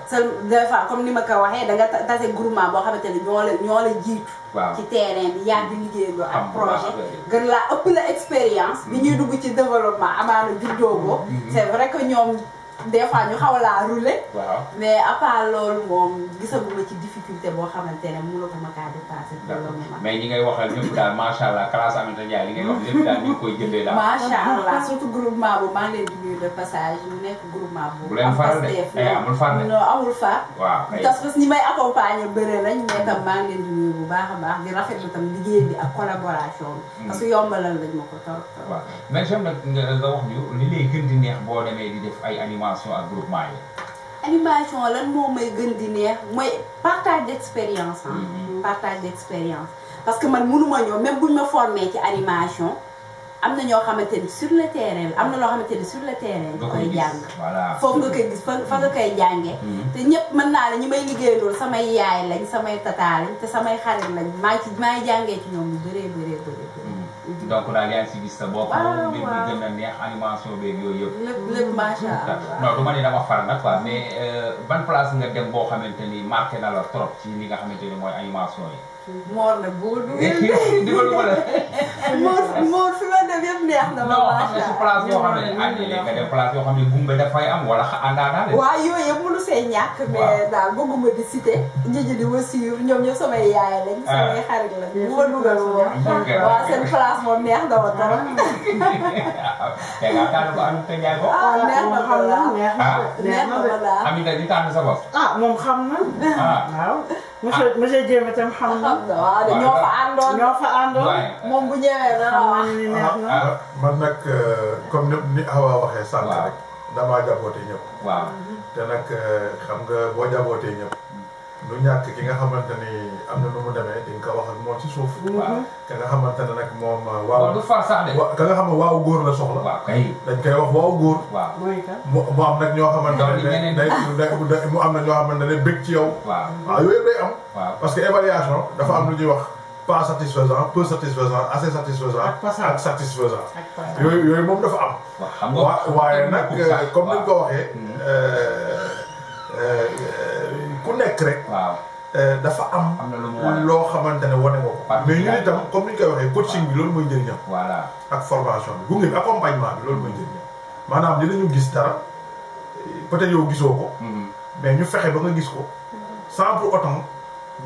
des fois comme ni ma ko waxee danga nga tase groupement boo xamante ni ñoo la ñoo la jiitu. ci terrain bi yàgg liggéeyandoo ak projet. gën laa ëpp la expérience. Mm-hmm. bi ñuy dugg ci développement amaana juddoo ko. Mm-hmm. c'est vrai que ñoom. des fois ñu xaw laa rouler. waaw mais à part loolu moom gisaguma ci difficulté boo xamante ne mënatuma kaa dépassé. mais ñi ngay waxal ñëpp daal ngay wax lépp daal ñu ngi koy jëndee daal. macha allah groupement bu maa ngi leen di nuyu de passage mu nekk groupement bu. Eh, amul far de non amul may accompagner bëre nañ mais tam maa ngi leen bu baax a baax di rafetlu tam liggéey bi ak collaboration bi. Hmm. parce lañ ma ko trop. waaw mais j'aime nag nga wax ñu li lay gën di neex boo demee di def ay animation formation ak groupement yi. lan moo may gën di neex mooy partage d' expérience ah. parce que man mënuma ñëw même buñ ma formé ci animation am na ñoo xamante ni sur le terrain am na loo xamante ni sur le terrain. nga koy jàng foofu nga koy gis fa fa nga koy jàngee. Mm-hmm. te ñëpp mën naa la ñi may liggéeyalool samay yaay lañ samay tata lañ te samay xarit lañ maa ci maa jàngee ci ñoom lu bëree bëree bëri. donc daal yaa ngi si gis sa bopp. Ah, waaw mbir mi gën a neex animation beeg yooyu yëpp. lépp lépp macha ah, allah. non du ma ne dama far nag quoi mais euh, ban place nga dem boo xamante ni marqué na la trop ci li nga xamante ni mooy animation yi. moor na boo duggee. dégg nga lu ma la. moor dama macha allah ñoo xam ne place yoo xam ne nga def place yoo xam ne gumba dafay am wala xa àndaanaale. waaw yooyu yëpp mënu see ñàkk. mais daal bëgguma di cité. njëji di ma suivre ñoom ñëpp samay yaay lañ. Ah. samay xarit lañ bu ma dugal moom. Ah, waaw seen place moom neex na ma trop. tey nga tànn ko Aminata Ndiaye ko. Ah, ah neex na ko daal neex na ko daal. Aminata di tànn sa bopp. ah moom xam na. waaw. monsieur ah. monsieur Diémé tam xam na. waaw ñoo fa àndoon ñoo fa àndoon. moom bu ñëwee dana wax. Ah, ah, man nag euh, comme ni Awa waxee. sànq rek damaa jabootee ñëpp. waaw te nag euh, xam nga boo jabootee ñëpp. lu ñàkk ki nga xamante ni am na nu mu demee di nga ko wax ak moom ci suuf. Mhm. waaw ka nga xamante ne nag moom. Uh, waaw am far ka nga xam waaw góor la soxla. waaw dañ koy wax waaw góor. waaw mu mu nag ñoo xamante ne day mu am na ñoo xamante ne bëgg ci yow. waaw ah, yooyu yëpp am. parce que évaluation dafa am lu ñuy wax. pas satisfaisant peu satisfaisant assez satisfaisant. ak satisfaisant yooyu yooyu moom dafa am. xam nga waaye nag euh, comme ni ñu ko waxee. ku nekk rek. Euh, dafa am. am na lu loo xamante ne wane woo ko. mais ñun itam comme ni ñu koy waxee coaching bi loolu mooy njëriñam. voilà ak formation bi gunge bi accompagnement bi loolu mooy njëriñam. maanaam dinañu gis dara peut yow gisoo ko. Mhm. mais ñu fexe ba nga gis ko. sans pour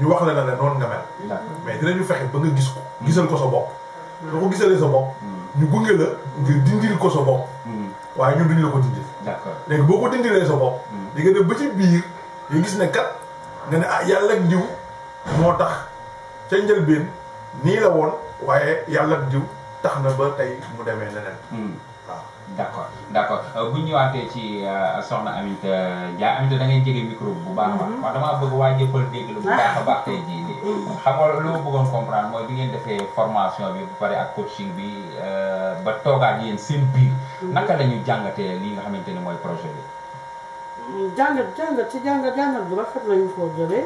ñu wax la ne la noonu nga mel. mais dinañu fexe ba nga gis ko. Mhm. gisal ko sa bopp. soo ko gisalee sa bopp. Mhm. ñu gunge la ngir dindil ko sa bopp. waaye ñun duñu la ko dindil. d'accord boo ko dindilee sa bopp. di def ba ci biir. nga gis ne kat nga ne ah yàlla ak moo tax ca njëlbéen nii la woon waaye yàlla jiw diw tax na ba tey mu demee neneen hmm. waaw d' accord d' accord euh, bu ñu ñëwaatee ci euh, soxna Aminta Dia Aminta da ngay jege micro bu baax a baax. Hmm. waaw damaa bëgg waa Jëppal dégg la bu baax baax tey jii nii. Hmm. xam nga lu ma bëggoon comprendre mooy bi ngeen defee formation bi bu pare ak coaching bi euh, ba toogaat yéen seen biir. naka la ñu jàngatee lii nga xamante ne mooy projet bi. jàngat jàngat ci jàngat jàngat bu rafet lañu ko jëlee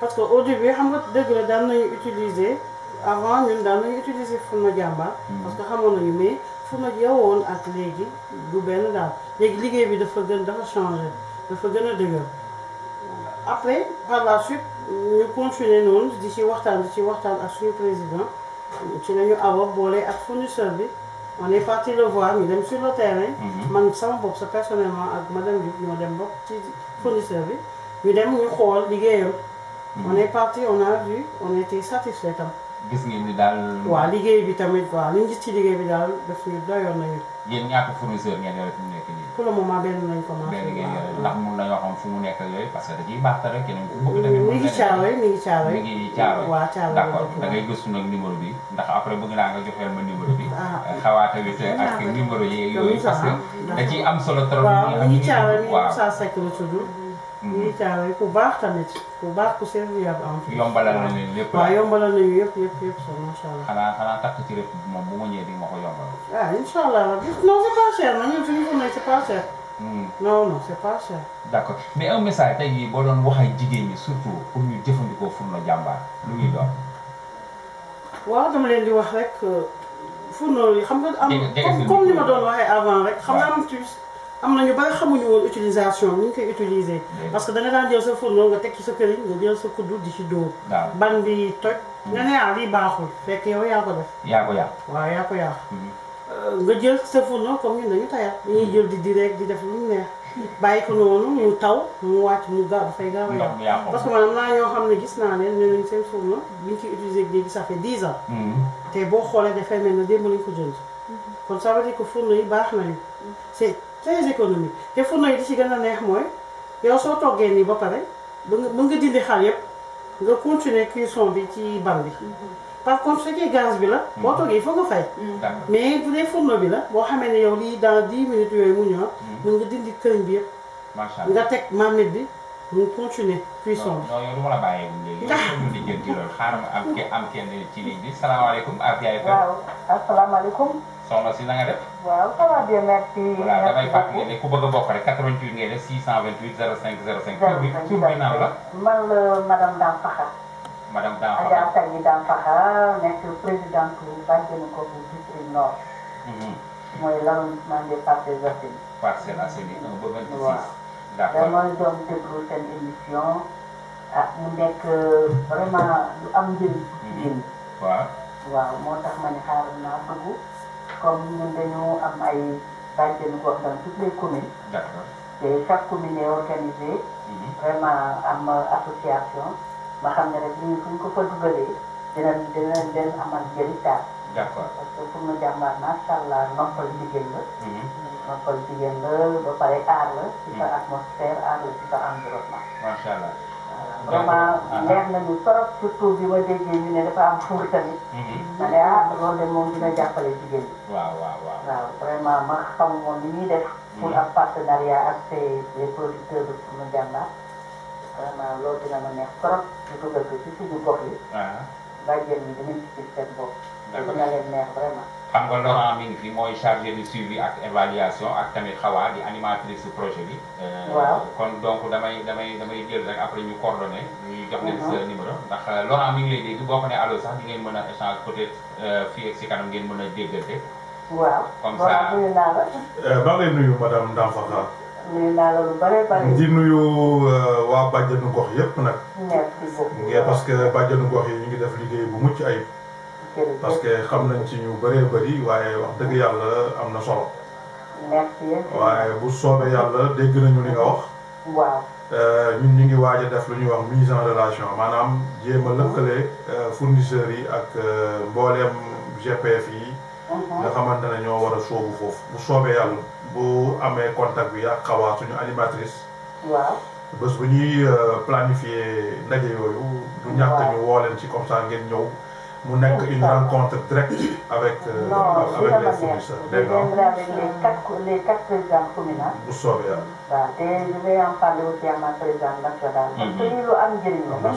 parce que au début xam nga dëgg la daan nañu utiliser avant ñun daan nañu utiliser Funa Jàmbaar hmm. parce que xamoon nañu mais Funa yowoon ak léegi du benn daal léegi liggéey bi dafa gën dafa changé dafa gën a dëgër après par la suite ñu continuer noonu di ci waxtaan di ci waxtaan ak suñu président ci la ñu awa boole ak fournisseur bi on est parti le voir ñu dem sur le terrain. Mhm. man sama bopp sa personnellement ak madame Diouf ñoo dem bokk ci fournisseur bi ñu dem ñu xool liggéeyam. Mhm. on est parti on a vu on était satisfait tam. gis ngeen ni daal. waaw liggéey bi tamit waaw li ñu ci liggéey bi daal daf ñu doyoon nañu. yéen ñaata fournisseur ngeen yore fi nekk nii. pour le moment benn lañ commencé. benn ngeen yore ndax mun nañoo xam fu mu nekk yooyu parce que da ciy baax rek keneen ku bëgg tamit. mi ngi caaroy mi ngi caaroy mi ngi caaroy. waaw caaroy d' accord da ngay gëstu nag numéro bi ndax après bëgg naa nga joxeel ma numéro bi. Ah. xawaata bi te ak numéro yi yooyu parce que da ciy am solo trop. waaw mi ngi caaroy mi ngi saa sekk la tudd. lii caaroy ku baax tamit ku baax ku serviable am. yombalal na leen lépp waaw yombalal nañu yëpp yëpp yëpp sax takk ci rek moom bu ma ñëwee di ma ko yombal. ah incha allah non c'est pas cher na ñun suñu tournée c'est pas cher. non non c'est mais un message tey jii boo doon wax ak jigéen ñi surtout pour ñu jëfandikoo fourneau jàmbaar lu muy doon. leen di wax rek euh, fourneau yi xam nga. am comme ni ma doon waxee avant am tuuti. am na ñu bari xamuñu woon utilisation ni ñu koy utiliser. parce que da nga daan jël sa fourneau nga teg ci sa këriñ nga jël sa kuddu di ci dóor. ban bi toj. nga ne ah lii baaxul fekk yow yaa ko def. yaa ko yàq waaw yaa ko yàq. Mhm. Euh, mhm. jël di direct di def mu neex. bàyyi ko noonu mu taw mu wàcc mu gaaw dafay gaaw a yàq. parce que man am naa ñoo xam ne gis naa ne nee nañ seen fourneau bi ñu ciy utiliser di ça fait 10 ans. Mhm. te boo xoolee dafay mel ne démb lañ ko jënd. kon ça veut dire que fourneau yi baax nañu. c'est très économique te fourneau yi di ci gën a neex mooy yow soo toggee nii ba pare mën nga dindi xar yëpp nga continuer cuisson bi ci ban bi mhm. par contre su fekkee gaz bi la mhm. boo toggee foo faut nga fay mais bu dee fourneau bi la boo xamee ne yow lii dans dix minutes yooyu mu ñor mhm. mën nga dindi këriñ bi yëpp nga teg marmite bi mu continuer cuisson bi. non non yow du ma la bàyyee léegi. ndax ñu ngi lijjanti loolu ci ligne bi salaamaaleykum. waaw asalaamaaleykum. soxna si na nga def. waaw ça va bien merci. voilà damay fàttali ne ku bëgg a bokk rek 88 ngay def 628 05 05. jërëjëf tur bi naan la. man la madame Dame Faxar. madame Dame Faxar Adja Sali Dame Faxar nekk présidente ko bu district nord. Mhm. mooy l'arrondissement des Parcelles Assainies. Parcelles Assainies un ba 26. waaw d'accord damay doon déglu seen émission. ah mu nekk euh, vraiment lu am njëriñ. Mhm. waaw waaw moo tax ma ne xaaral naa dugg. comme ñun dañoo am ay bàjjenu gox dans toutes les communes. d'accord te chaque commune est organisée. Mhm. am association. ba xam ne rek lii fu ko fa dugalee dina dina leen amal njëriñ daal. d'accord parce que pour allah noppal jigéen la. Mhm. noppal jigéen la ba pare aar la. ci sa mhm. atmosphère aar la ci sa environnement. macha allah. vraiment leer nañu trop surtout bi ma déggee ñu ne dafa am fuur tamit. Mhm. ma ne ah, moom dina jàppale jigéen ñi. waaw waaw waaw waaw vraiment ma xam moom li ñuy def. pour mhm. am partenariat ak ces les producteurs de Sunu Jàmbaar. vraiment loolu dina ma neex ko ci suñu gox yi. ndax ah. jën ñi dinañ ci gis seen bopp. dina leen xam nga Laurent mi ngi fi mooy chargé de suivi ak évaluation ak tamit xawaa di animatrice su projet bi. Euh, kon donc damay damay damay jël rek après ñu coordonné. ñu jox leen uh-huh. sa numéro. ndax euh, Laurent mi ne allo sax di ngeen mën a échange peut euh, si kanam ngeen mën a déggante. waaw comme ça nuyu naa la. maa ngi lay nuyu yëpp nag. merci beaucoup parce que bàjjenu gox ñu ngi def liggéey bu mucc ayib. parce que xam nañ ci ñu bëree bëri waaye wax dëgg yàlla am na solo. waaye bu soobee yàlla dégg nañu li nga wax. waaw euh, ñun ñu ngi waaj a def lu ñuy wax mise en relation maanaam jéem a lëkkale euh, fournisseurs yi ak euh, mbooleem GPF yi. Uh-huh. nga xamante ne ñoo war a sóobu foofu bu soobee yàlla bu amee contact bi ak xawaa suñu animatrice. bés bu ñuy planifier ndaje yooyu. du ñàkk ñu woo ci comme ça ngeen ñëw. mu nekk une rencontre directe avec eh, avec les fournisseurs. non dina ma nekk avec les quatre les quatre présidents communaux. bu soobee yàlla. waaw te je vais en parler aussi à ma présidente nationale. parce que lii lu la. daal. am am na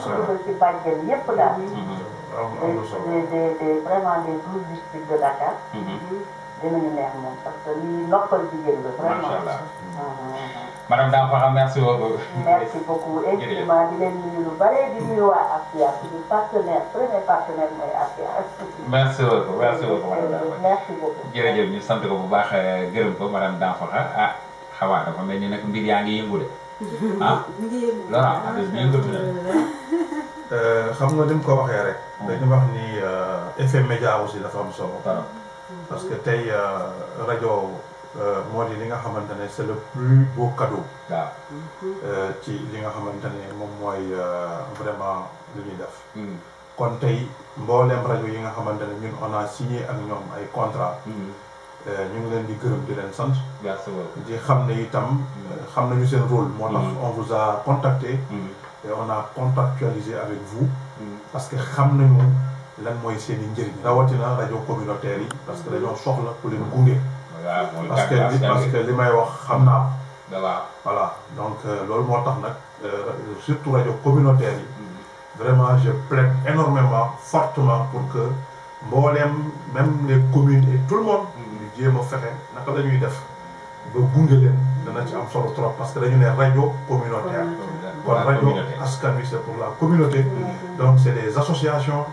solo des des des vraiment des douze districts de Dakar. dinañu neex moom parce que lii noppal jigéen la. madame Dafa merci euh, euh, merci beaucoup infiniment merci beaucoup merci beaucoup madame Dafa merci beaucoup. jërëjëf sant ko bu baax euh, gërëm ko madame Dafa ah xawaa dafa mel ni nag mbir yaa ngi yëngu de ah. xam nga ni mu ko waxee rek. Hmm. dañu wax ni effet média aussi dafa am solo. parce que tey rajo. Euh, moo di li nga xamante ne c'est le plus beau cadeau. waaw euh, ci li nga xamante ne moom mooy euh, vraiment lu ñuy def. Mm. kon tey mboolem rajo yi nga xamante ne ñun on a signé ak ñoom ay contrat mm. ñu ngi leen di gërëm di leen sant. di xam ne itam. Mm. xam nañu seen rôle. moo tax on vous a contacté. et on avec vous. parce que xam nañu lan mooy seen i njëriñ. rawatina rajo communautaire yi. parce que dañoo soxla ku leen gunge. parce que li parce que li may wax xam naa voilà donc euh, loolu moo tax nag euh, surtout rajo communautaire yi. Mm-hmm. vraiment je plaide énormément fortement pour que mbooleem même les communes tout le monde. ñu mm-hmm. jéem a fexe naka la ñuy def. ba gunge leen dana ci am solo trop parce que dañu ne rajo communautaire. kon rajo askan wi c'est pour la communauté. Mm-hmm. donc c'est des associations.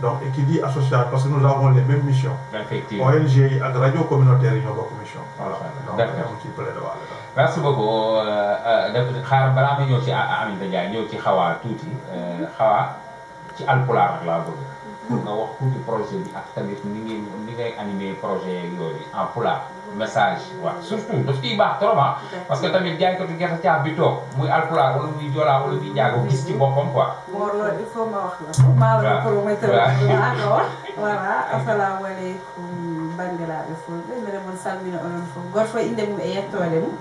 donc et qui dit association parce que nous avons les mêmes missions. effectivement ak rajo communautaire yi bokk mission. voilà donc dañu ciy bële dawaale la. merci beaucoup euh, euh, def xaaral balaa ma ñëw ci Aminata Ndiaye ñëw ci xawaa tuuti euh, xawaa ci alpulaar ak la bëgg. pour nga wax tuuti projet bi ak tamit ni ngay ni ngay animé projet yooyu en pulaar. message waaw surtout daf ciy baax trop ah. parce que tamit jaaykatu gerte caaf bi toog muy alpulaar wala muy joolaa wala muy njaago gis ci boppam quoi. bon loolu il faut ma wax la. maa la ko may tëral. voilà asalaamaaleykum bandiraɓe fulɓe mbiɗa moon salmina onon fof goto fof inde mum e yettode mum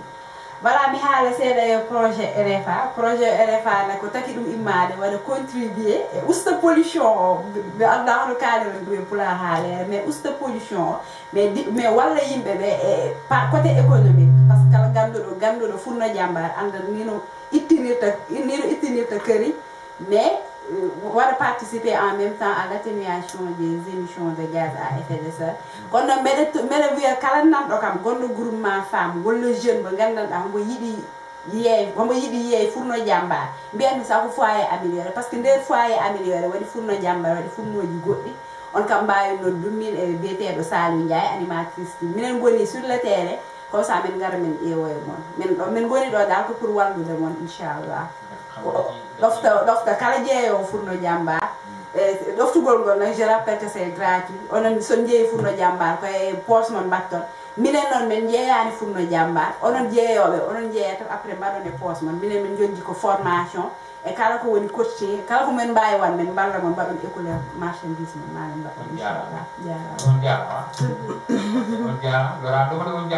wala mi haala seeɗa projet rfa projet rfa ne ko taki ɗum immade waɗa contribué e polition pollution o ɓe allah hono kaaliron ɗum e pula haalere mais usta pollution o mais mais walla yimɓe ɓe e côté économique par ce que kala ganduɗo ganduɗo funno jambar anda nino ittinirta nino ittinirta këri mais Euh, war a participer en même temps à l'atténuation des émissions de gaz à effet de serre kono mbeɗe mbeɗe wiya kala nanɗo kam gonɗo groupement femme walla jeune mo gandanɗa ah, omo yiɗi yeey omo yiɗi yeey fourno jamba mbiyanmi sa ko foyer amélioré par ce que nder foyer amélioré waɗi fourno jamba waɗi fournoji goɗɗi on kam mbawi noddum min e euh, biyeteɗo salou ndiaye animatrice ti minen goni sur le terrain comme ça min gara min ƴeewoye moon min ɗo ɗo dal ɗofta ɗofta kala jeeyowo furno jamba mm. e eh, ɗoftugol ngol noon je rappelle que c'est gratuit onon son jeeyi furno jambar koye poche noon mbatton minen noon min jeeyani furno jambar onon jeeyoɓe onon jeeyata après mbaɗon e poche moon minen min jogui ko formation e kala ko woni coccé kala ko min mbawi wan min balla mo mbaɗon écouleur marchandise min maɗe mbaɗo inchallah jarama on jarama on jarama lora ɗumata on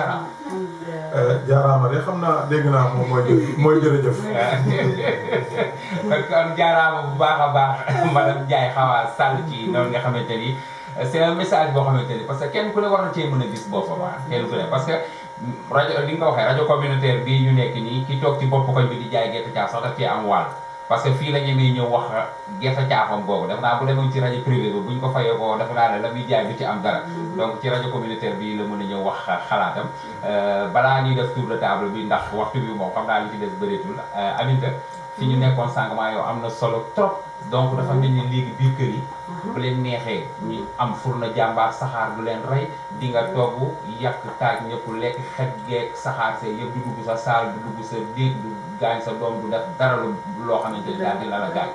jarama naa dégg naa moom mooy mooy e kon jarama bu baax a baax madame Ndiaye Xawa Sall ci noonu nga xamante ni c'est un message boo xamante ni parce que kenn ku ne war na cee mën a gis boppam ah, kenn ku ne parce que rajo li nga waxee rajo communautaire bi ñu nekk nii ki toog ci bopp koñ bi di jaay gerte caaf sax daf cee am wàll parce que fii la ñemee ñëw wax gerte caafam boobu def naa bu demoon ci rajo privé bi buñ ko fayee boo def naa ne la muy jaay du ci am dara mm-hmm. donc ci rajo communautaire bii la mën a ñëw wax xalaatam euh, balaa ñuy def tour de table bi ndax waxtu bi moom xam naa li ci des bëreetul euh, Aminta fi ñu nekkoon sànqmaa yow am na solo trop donc dafa mel ni léegi biir kër yi bu leen neexee ni am na jàmbaar saxaar du leen rey di nga togg yàq taaj ñëpp lekk xet geek saxaar see yëpp du dugg sa saal du dugg sa déeg du gaañ sa doom du def dara lu loo xamante daal di la la gaañ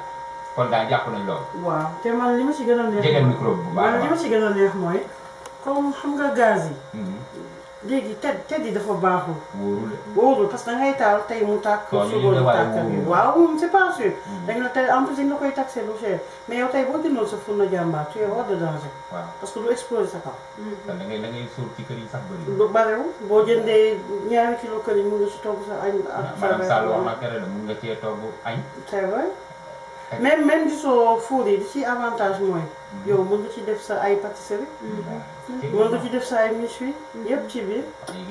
kon daa jàpp nañ loolu waaw te man li ma si gën a neex jegeel micro bu baax li a mooy comme xam nga gaz yi mhm. léegi tedd tedd yi dafa baaxu wóorul wóorul parce que da ngay taal tey mu tàkk. suba mu tàkk bi waaw moom c'est pas mm-hmm. la tey en plus la koy taxé lu cher mais yow tey boo jëndoon sa furna jàmbaar tu es hors de danger. parce que du exploser sa kaw. Mm-hmm. da ngay da ngay lu bariwul boo jëndee ñaari kilo kër yi mun nga si togg sa añ. ak sa maanaam Sall wax na mun nga cee togg añ. même même gisoo four yi di ci avantage mooy. Mm-hmm. yow mën nga ci def sa ay pâtisserie. Mm-hmm. mën nga ci def sa ay méchoui mm-hmm. yëpp ci biir.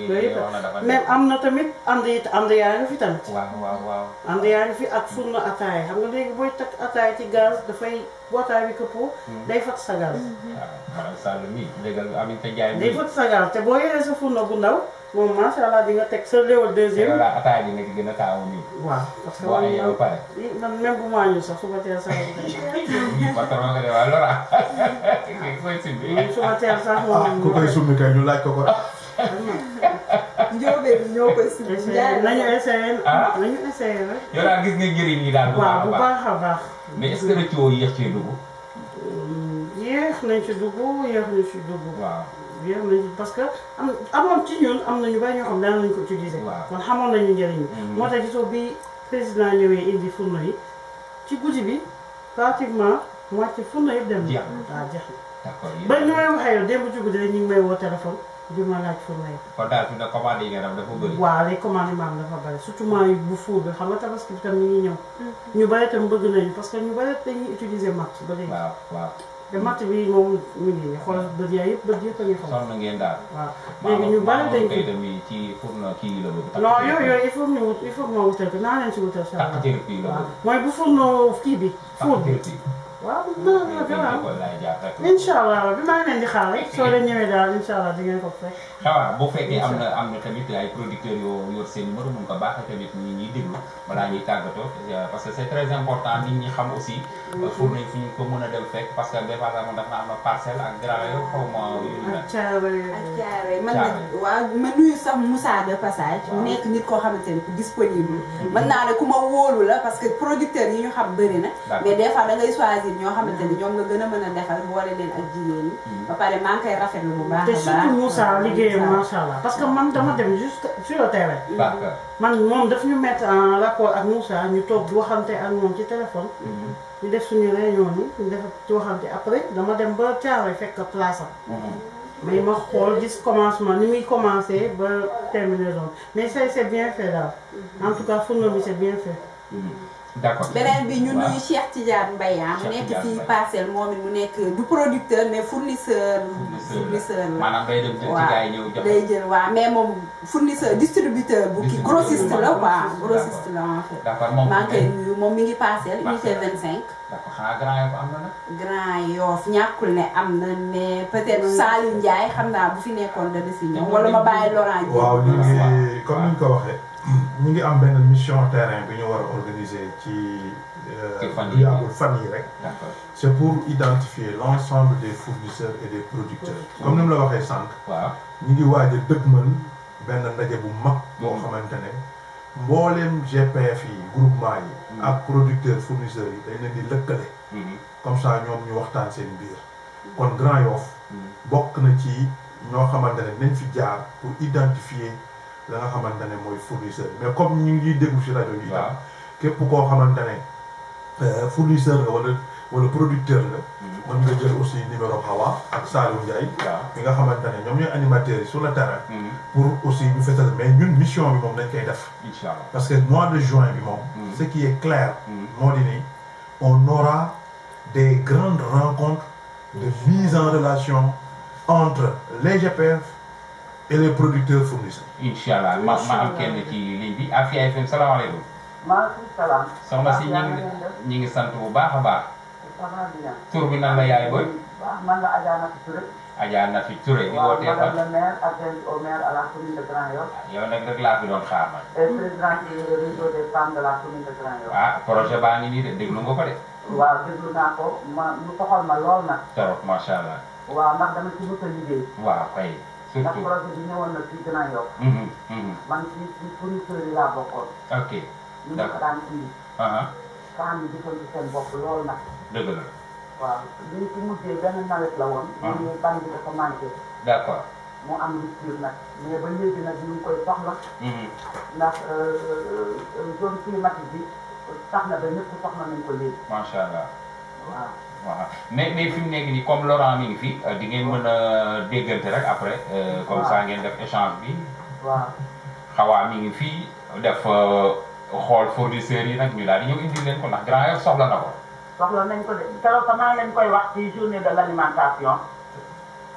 yooyu yëpp même am na tamit ànd it ànd yaa ngi fi tamit. waaw waaw waaw. fi ak fourneau ataaya xam nga léegi booy takk ataaya ci gaz dafay bootaay bi këppoo. day fat sa gaz. day fat sa gaz te boo yoree sa fourneau bu ndaw. moom macha allah di nga sa léewal deuxième. te voilà attaay bi nga ci gën a bu ma ñu sax su ma teel sax. patron nga de waa Lora. Ah. koy summi. su ma teel sax moom. Ah, ku koy summi kay ñu laaj ko ko. Ah. njóobee bi ñoo koy summi. nañu essayé nañu essayé rek. yow daal gis a bien mais parce que am amoon ci ñun am na ñu bari ñoo xam daan nañu ko utiliser. kon xamoon nañu njëriñ mm-hmm. moo tax gisoo bi président ñëwee indi fourneau yi ci guddi bi pratiquement moitié fourneau yëpp dem na. jeex na waaw jeex na. d'accord ba ñu may waxee yow démb ci guddi rek ñu ngi may woo téléphone di ma laaj fourneau yi. kon daal fi ne commande yi nga def dafa bëri. waaw les commandes maam dafa bëri surtout maa yu bu fuur bi xam nga tabaski bi tam ñu ngi ñëw. Mm-hmm. ñu bari tam bëgg nañu parce que ñu bari dañuy utiliser marché ba léegi. waaw waaw. te match bi moom mi ngi xoolal bët yaay yëpp bët yëpp a ngi xool. soxna ngeen daal. waaw léegi ñu bari dañ koy ci pour na kii la bëgg. non yooyu yooyu il faut ñu il faut ma wutal ko naa leen si wutal. takk jër fii la bëgg mooy bu fourneau kii bi. four bi waaw mën na la gën a am incha allah bi maa ngi leen di xaar soo leen ñëwee daal incha allah di ngeen ko fekk. waaw bu fekkee am na am na tamit ay producteurs yoo seen numéro mun ko que c' est très xam aussi pour ne fi a dem fekk parce que des fois sax man dafa am parcelle ak grand yo xaw ma ak caare man na waaw ma nuyu sax Moussa de passage mu naa ne ma wóolu la parce que producteurs yi xam bëri na mais des fois da ngay choisir ñoo xamante ne ñoom nga gën a mën a defal boole leen ak jigéen hmm. ba pare maa ngi koy rafetlu bu baax a baax macha allah parce que man dama dem juste sur man moom daf ñu mettre la rapport ak Moussa ñu toog di waxante ak moom ci téléphone. ñu mhm. def suñu réunion yi ñu def ci waxante après dama dem ba Thiaroye fekk place am. Mhm. mais ma xool gis commencement ni muy commencé ba terminaison mais ça c'est bien fait daal. en tout cas fourneau c'est bien fait. Mhm. d' beneen bi ñu nuyu Cheikh Tidiane Mbaye ah, mu nekk fii parcelle moom mu nekk du producteur mais fournisseur. fournisseur la maanaam day jël ci mais moom fournisseur distributeur bu kii grossiste la quoi grossiste la en fait. moom maa ngi koy nuyu moom mi ngi parcelle unité 25. d' accord xanaa Grand Yoff ñàkkul ne am na mais peut-être Saliou Ndiaye xam naa bu fi nekkoon dana si ñëw wala ma bàyyi Laurent. waaw ñu ngi comme ni ñu ko waxee. ñu ngi am benn mission terrain bi ñu war a organiser ci. Euh, ci fan yi rek. c' est pour identifier l' ensemble des fournisseurs et des producteurs. comme ni mu la waxee sànq. waaw ñu ngi waaj a mën benn ndaje bu mag. moo mm. xamante ne mbooleem GPF yi groupement yi. Mm. ak producteurs fournisseurs yi dañ leen di lëkkale. Mm-hmm. comme ça ñoom ñu waxtaan seen biir. Mm. kon Grand Yoff bokk na ci ñoo xamante ne nañ fi jaar pour identifier. la nga xamante ne mooy fournisseur mais comme ñu ngi déglu si rajo bi. waaw képp koo xamante ne euh, fournisseur nga wala wala producteur nga. Mm-hmm. mën nga jël aussi numéro Hawa ak Saliou Ndiaye. mi nga xamante ne ñoom ñooy animateur yi sur le terrain. Mm-hmm. pour aussi ñu fetal mais ñun mission bi moom dañ koy def. parce que mois de juin bi moom. Mm-hmm. ce qui est clair. moo di ni on aura des grandes rencontres de mise en relation entre les GPF. et les incha allah ma ma am kenn ci ligne bi Afia FM salaamaaleykum. maaleykum salaam. soxna si ñu ngi ngi sant bu baax a baax. tur bi nan la yaay booy. waaw man ah, nag rek laa fi doon xaar man. Ah, baa ngi nii de déglu nga ko de. waaw déglu naa ko ma ñu soxal ma lool nag. trop macha allah. waaw ndax dama ci a liggéey. waaw kay. ndax projet bi ñëwoon na fii gën a yokk. man ci ci producteur yi laa bokkoon. ok ñu ngi ko daan indi. femme yi gisoon ci seen bopp lool na dëgg la. waaw li ñu ci mujjee benn nawet la woon. ñu ne ban bi dafa manqué. d' mu am rupture nag mais ba léegi nag ñu ngi koy soxla. ndax zone climatique bi tax na ba ñëpp soxla nañ ko léegi. macha allah waaw. waaw mais mais fi mu nii comme loraan yi ngi fi euh, di ngeen mën a déggante rek après. Euh, comme ça ngeen def échange bi. waaw xawaa mi ngi fii def euh, xool fournisseurs yi nag ñu daal di ñëw indi leen ko ndax Grand Yoff soxla na ko. soxla nañ ko de keroog sax maa leen koy wax ci journée de l' alimentation.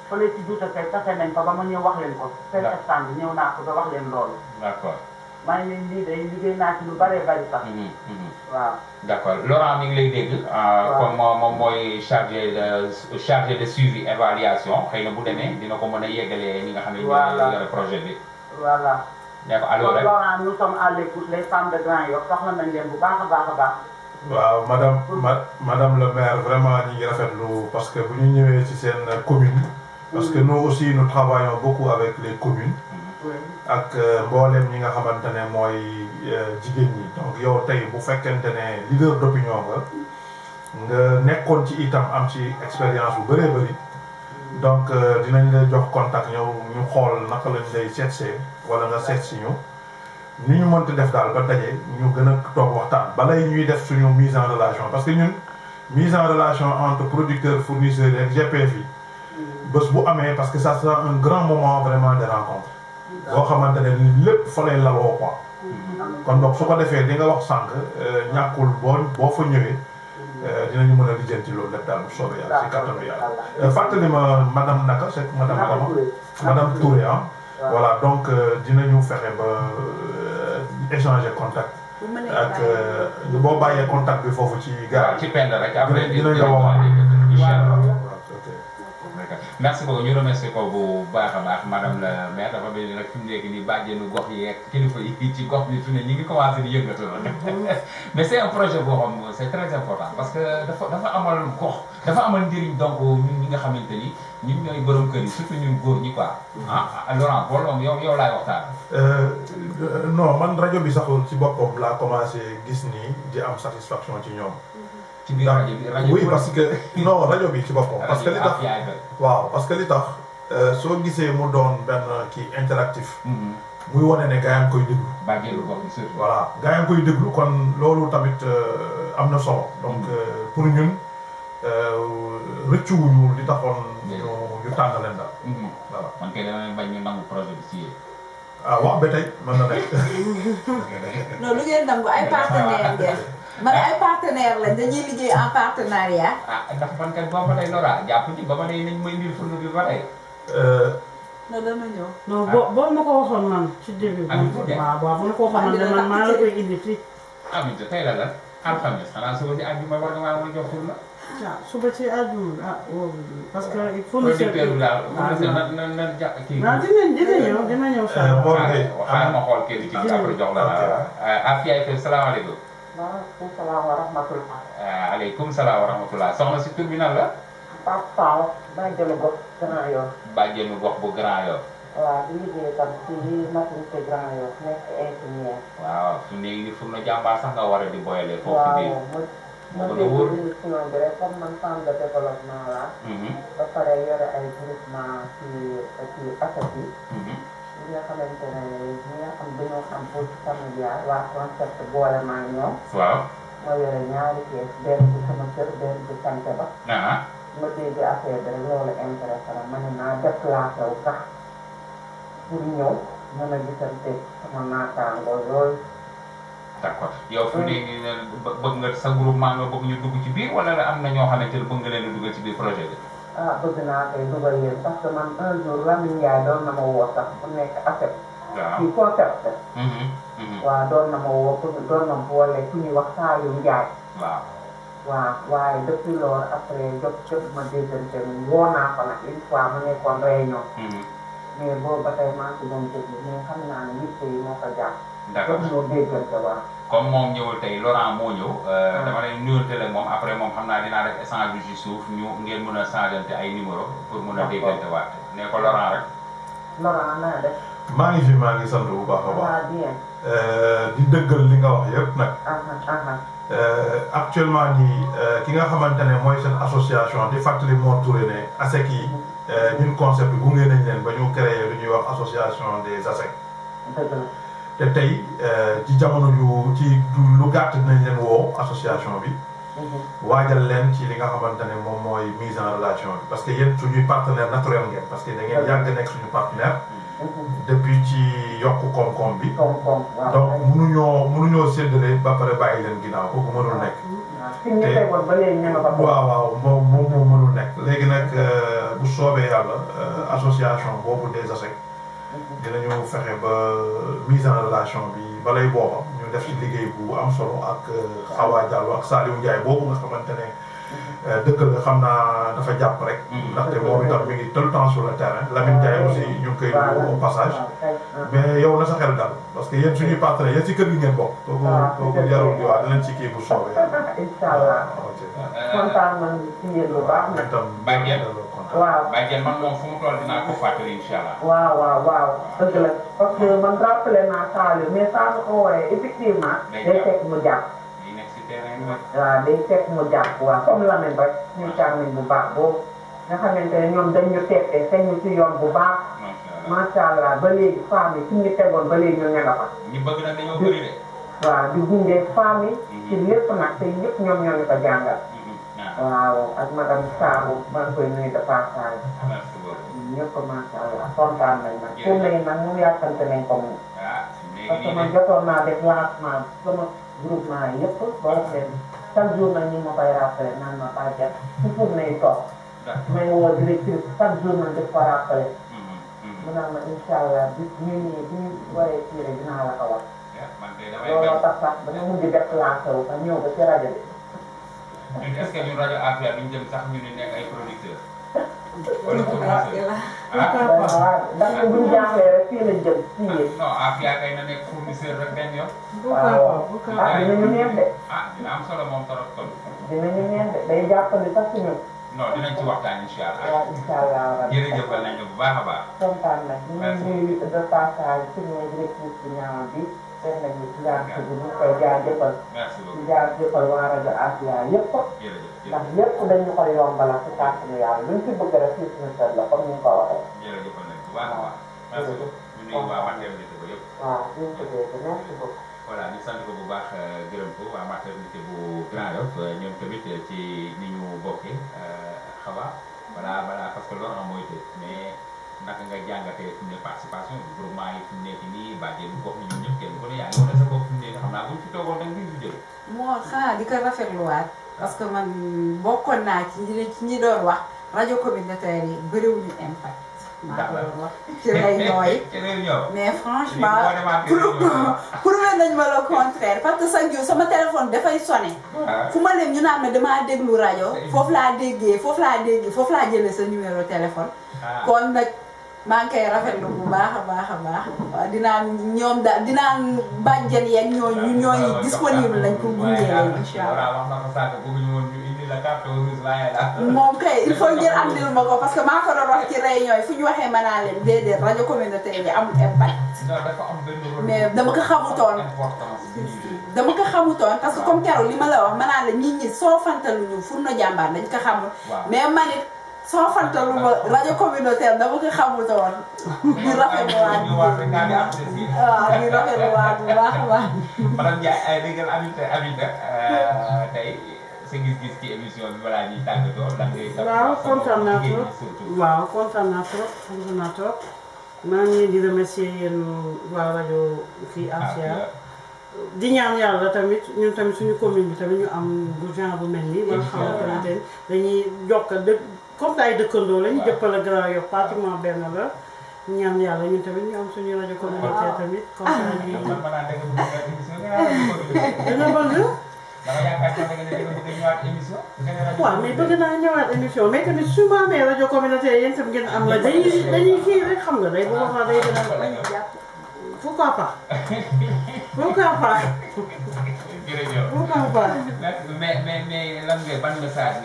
fële ci duuta fekk tafe nañ ko ba ma ñëw wax leen ko. seen stand ñëw naa ko ba wax leen loolu. d' maa ngi leen di day liggéey naa ci lu bëree bëri sax. Mm-hmm, mm-hmm. waaw. d' accord Laurent mi ngi lay dégg. waaw ah, comme moom mooy chargé de chargé de suivi évaluation xëy na bu demee mm-hmm. dina ko mën a yeggalee ñi nga xam ne. voilà yore projet bi. voilà. ne ko alors rek Laurent a baax a baax. waaw madame madame le maire vraiment ñu ngi rafetlu parce que bu ñu ñëwee ci seen commune. parce que nous aussi nous travaillons beaucoup avec les communes. ak euh, mboolem ñi nga xamante ne mooy euh, jigéen ñi donc yow tey bu fekkente ne leader d'opinion nga nga nekkoon ci itam am ci expérience bu bëree bëri donc euh, dinañ la jox contact ñëw ñu xool naka lañ lay seetsee wala nga seet si ñu ni ñu mënti def daal ba daje ñu gën a toog waxtaan balay ñuy def suñu mise en relation parce que ñun mise en relation entre producteurs fournisseurs et GPF yi bés bu amee parce que ça sera un grand moment vraiment de boo xamante ne lépp fa lay laloo quoi. kon donc su ko defee li nga wax sànq ñàkkul boo boo fa ñëwee. dinañu mën a lijjanti loolu lépp daal bu soobee yàlla si ma madame naka c'est madame Adama madame Touré ah. donc dinañu fexe ba échanger contact. ak boo bàyyee contact bi foofu ci. gars ci pend rek après dinañ la merci beaucoup ñu remercier ko bu baax a baax madame la maire dafa mel ni nag fi mu nekk nii bàjjenu gox yi ak kilifa yi ci gox bi fi ne ñi ngi commencé di yëngatu mais c' est un projet boo xam c' est très important parce que dafa dafa amal gox donc ñun nga xamante ni ñun ñooy borom kër yi surtout góor ñi quoi. ah Laurent Bolom yow yow laay waxtaan. Euh, non man rajo bi sax si boppam laa commencé gis ni di am satisfaction ci ñoom. ci biir bi rajo oui parce que non rajo bi ci boppam. parce que li tax waaw parce que li tax. Euh, soo gisee mu doon benn kii interactif. Mm-hmm. muy wone ne gaa koy déglu. bàjjëlu boppam voilà gaa yi koy déglu kon loolu tamit euh, am na solo. donc mm-hmm. euh, pour ñun rëccu wuñu li taxoon. ñu ñu tàng leen daal. Mm-hmm. voilà man ah, na nekk. non lu ngeen nangu ay partenaires ngeen. man ay partenaire lañ dañuy liggéey en partenariat. ah ndax e man kat boo fa lay lora jàpp ci ba ma ne nañ ma indil fourneau bi ba tey. Euh, non dana ñëw. non boo boo ma ko waxoon man ci début. am ah, waaw waaw boo ma ko waxoon man man maa la koy indi fii. amiin ah, tey la lan alxames xanaa suba ci àjjuma war nga maa mën a jox fourneau. waaw ah, suba ci àjjuma ah wóor oh, parce que il faut. monsieur Diop daal na na na jàpp kii. waaw dinañ dina ñëw dina ñëw. Mor Ndeye waaw waaw ma xool kenn ci après jox la. waaw waaw euh, Afia FM salaamaaleykum. maaleykum salaam wa rahmatulah. waaleykum salaam wa rahmatulah soxna si tur bi nan la. Pape Fall bàjjenu gox Grand Yoff. bàjjenu gox bu Grand Yoff. waaw di liggéey tam ci maternité Grand Yoff nekk infirmière. waaw su ne fu jàmbaar sax nga war a di boyalee. foofu biir waaw man man de émission bi rek comme man femme de développement la. Mhm. ba pare yore ay groupement ci ci affaire yi. Mhm. ñi nga xamante ne ñi nga xam dañoo xam bourse familiale waa concept boole maa ñoom. waaw ma yore ñaari kees benn bi sama kër benn bi santé ba. ma dégg affaire eh, bi rek loolu intéressé la ma ne naa déplacé wu sax pour ñëw mën a gisante sama naataangoo yooyu. d'accord yow fu ne nii bëgg nga sa groupement nga bëgg ñu dugg ci biir wala am na ñoo xamante ne bëgg nga leen a ci biir projet bi. ah bëgg naa tey dugal leen parce que man un jour Lamine Ndiaye doon na ma woo sax mu nekk affaire. waaw ci concept. waaw doon na ma woo pour doon na ma boole ku ñuy wax Saalum Ndiaye. waaw. waaw waaye depuis loolu après jot jot ma déggante woo naa ko nag une fois mu nekkoon réunion. mais boobu ba tey maa ngi ci doon déglu mais xam naa ne nit yi moo ko jàpp. d'accord jot moo déggante waaw. comme moom ñëwul tey Laurent moo ñëw. Euh, ah. dama lay nuyonte la moom après moom xam naa dinaa def échange bi ci suuf ñu ngeen mën a changante ay numéro pour mën a déggante waat ne ko Laurent rek. maa ngi fi maa ngi sant bu baax a baax. Ah, euh, di dëggal li nga wax yëpp nag. Ah, euh, actuellement nii ki nga xamante ne mooy seen association di fàttali moo turé ne ASEC yi mm-hmm. ñun concept gunge nañ leen ba ñu créé lu ñuy wax association des ASEC. te tey euh, ci jamono yu ci lu gàtt dinañ leen woo association bi. Mhm. waajal leen ci li nga xamante ne moom mooy mise en relation bi parce que yéen suñuy partenaire naturel ngeen parce que da ngeen yàgg nekk suñu partenaire. Mhm. depuis ci yokk koom-koom bi. donc mënuñoo mënuñoo séddale ba pare bàyyi leen ko kooku mënul ah. nekk. te waaw waaw moom moom mënul nekk. léegi nag euh, bu soobee yàlla euh, mhm. association boobu des dinañu fexe ba mise en relation bi balay booba ñu def ci liggéey bu am solo ak euh, Awa Diallo ak Saliou Ndiaye boobu nga xamante ne euh, dëkk la xam naa dafa jàpp rek. ndaxte moom itam mi ngi tout le temps sur le terrain Lamine Ndiaye aussi ñu ngi koy passage. mais yow na sa xel dal parce que yéen suñuy partenaires yéen si kër gi ngeen bokk. waaw kooku kooku yarul gi waa kii bu soobee. incha waaw Baye Diène man moom fu mu toll dinaa ko fàttali incha allah. waaw waaw waaw dëgg la parce que man rappelé naa Saalum mais saa ma ko wooyee effectivement. day fekk mu jàpp. day nekk si terrain bi waaw day fekk mu jàpp waaw comme Lamine rek suñu càmmiñ bu baax boobu nga xamante ne ñoom dañ ñu teppee teg ñu si yoon bu baax. macha allah ba léegi femmes yi fi ñu tegoon ba léegi ñu ne la fa. ñu bëgg nag dañoo bëri de. waaw di gunge femmes yi. Mhm. ci lépp nag te ñëpp ñoom ñoo ñu ko jàngal. waaw ak madame Saabu maa ngi koy nuyu de passage. ñëpp macha allah kontaan nañ ma. tournée yi nag moom yàqante nañ ko moom. parce que man jotoon naa def lancement sama groupement yëpp ba wax leen chaque jour nag ñu ma koy rappelé naan ma bàyyi jàpp si tournée yi toog. may woo directrice chaque jour nag def ko rappelé. mu naan ma incha allah bis ñu ñëwee bi ñu waree tiire dinaa la ko wax. looloo tax sax dama mujj déplacé wu ba ñëw ba ci rajo bi. ñun est-ce que ñun rajo Afia duñ jëm sax ñu ne nekk ay producteurs. wala fournisseurs ah parce que buñ jaaxlee rek fii lañ jëm. non Afia kay na nekk fournisseur rek benn yoon. waaw ah dinañu neex de. ah dina am solo moom trop kon. dinañu neex de day jàppale sax si ñun. non dinañ ci waxtaan incha allah. waaw incha allah jërëjëfal nañ la bu baax a baax. kontaan nañ ñu ngi nuyu de passage suñu directrice bi ñaaw bi. kenn lañu ci ñaar suñu koy jaay jëppal ci jaay jëppal waa rajo Afia yëpp ndax yëpp dañu koy yombalal ci kàttanu yàlla luñ ci bëgg rek ci suñu sët la comme ni ñu ko waxee jërëjëf nañ bu baax a baax merci beaucoup ñu nuyu waa Matam nit bu yëpp waaw ñu ko dégg merci beaucoup voilà ñu sant ko bu baax euh, gërëm ko waa maternité bu Grand Yoff euh, ñoom tamit euh, ci ni ñu bokkee xawa voilà voilà parce que loolu am mooy te mais naka nga jàngatee fi mu ne participation parce que man bokkoon naa ci ñi ci doon wax rajo communautaire yi bëriwuñu impact. ci réunion yi mais franchement pour prouvé nañ ma le parce que sa jour sama téléphone dafay sonné. fu ma dem ñu naan ma damaa déglu rajo. foofu laa déggee foofu laa déggee foofu laa jëlee sa numéro téléphone. Ah. kon nag. maa ngi koy rafetlu bu baax a baax a baax dinaa dinaa ñoom daal dinaa bàjjen yeeg ñooñu ñooy disponible lañ pour gunge leen incha allah. moom kay il faut ngeen andil ma ko parce que maa ko doon wax ci réunion yi fu ñu waxee ma naa leen déedéet rajo communautaire bi amul impact. mais dama ko xamutoon. dama ko xamutoon parce que comme keroog li ma la wax ma naa la nit ñi soo fantaluñu fur na jàmbaar dañ ko xamul. mais man it sama fantaluma rajo communautaire dama ko xamut bu baax a baax. madame nga Aminta Aminta tey sa gis-gis ci émission bi balaa ñuy tàggatoo lan ngay. waaw kontaan naa trop waaw kontaan naa trop kontaan naa trop. maa di remercier yéen waa rajo fii ah, Afia. di ñaan yàlla tamit ñun tamit suñu commune bi tamit ñu am bu genre bu mel nii. wala xamante xamante ni dañuy jokka dëkk comme day dëkkandoo lañu jëppale Grand Yoff pratiquement benn la ñaan yàlla ñun tamit ñu am suñu rajo communautaire tamit comme ah. ñuy dina bëgg waaw mais bëgg naa ñëwaat émission mais tamit su ma amee rajo communautaire yéen tam ngeen am la dañuy dañuy kii rek xam nga day bu waxaa day gën a pourquoi pas pourquoi pas jërëjëf pourquoi mais mais mais lan ngay ban message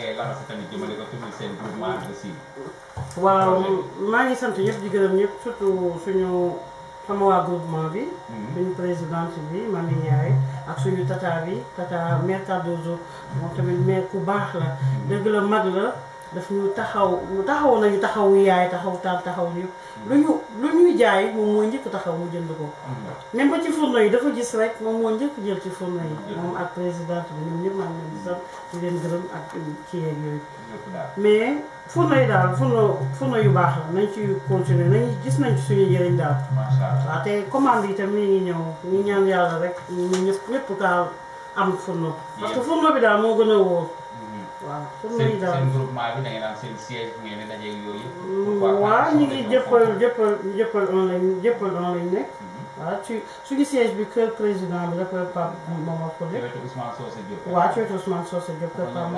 tamit jëmale ko tamit seen groupement aussi. waaw maa ngi sant ñëpp di gërëm ñëpp surtout suñu sama waa groupement bi. Hmm. suñu présidente bi mami Ndiaye ak suñu tata moom tamit mère ku baax la hmm. dëgg la mag la. daf ñu taxaw taxaw nañu taxawu yaay taxaw taal taxaw yëpp lu ñu lu ñuy jaay moom moo njëkk taxaw mu jënd ko mm-hmm. même ba ci fourneau yi dafa gis rek moom moo njëkk jël ci fourneau yi mm-hmm. moom ak présidente bi ak ci yeeg mais fourneau yi daal fourneau fourneau yu baax la nañ ci continuer nañ gis nañ ci suñu njëriñ daal waaw te commande yi tamit ñu ngi ñëw ñu ñaan yàlla rek ñu ñëpp ñëpp taal am fourneau parce que fourneau bi daal moo gën a wóor waaw comme ni seen groupement bi jëppal jëppal jëppal jëppal on lañ nekk. Mhm. waaw ci suñu siège bi kër président bi la kër Pape moom ak ko lépp. ci wetu Ousmane Socé Diop. waaw ci wetu Ousmane Socé Diop kër Pape moom.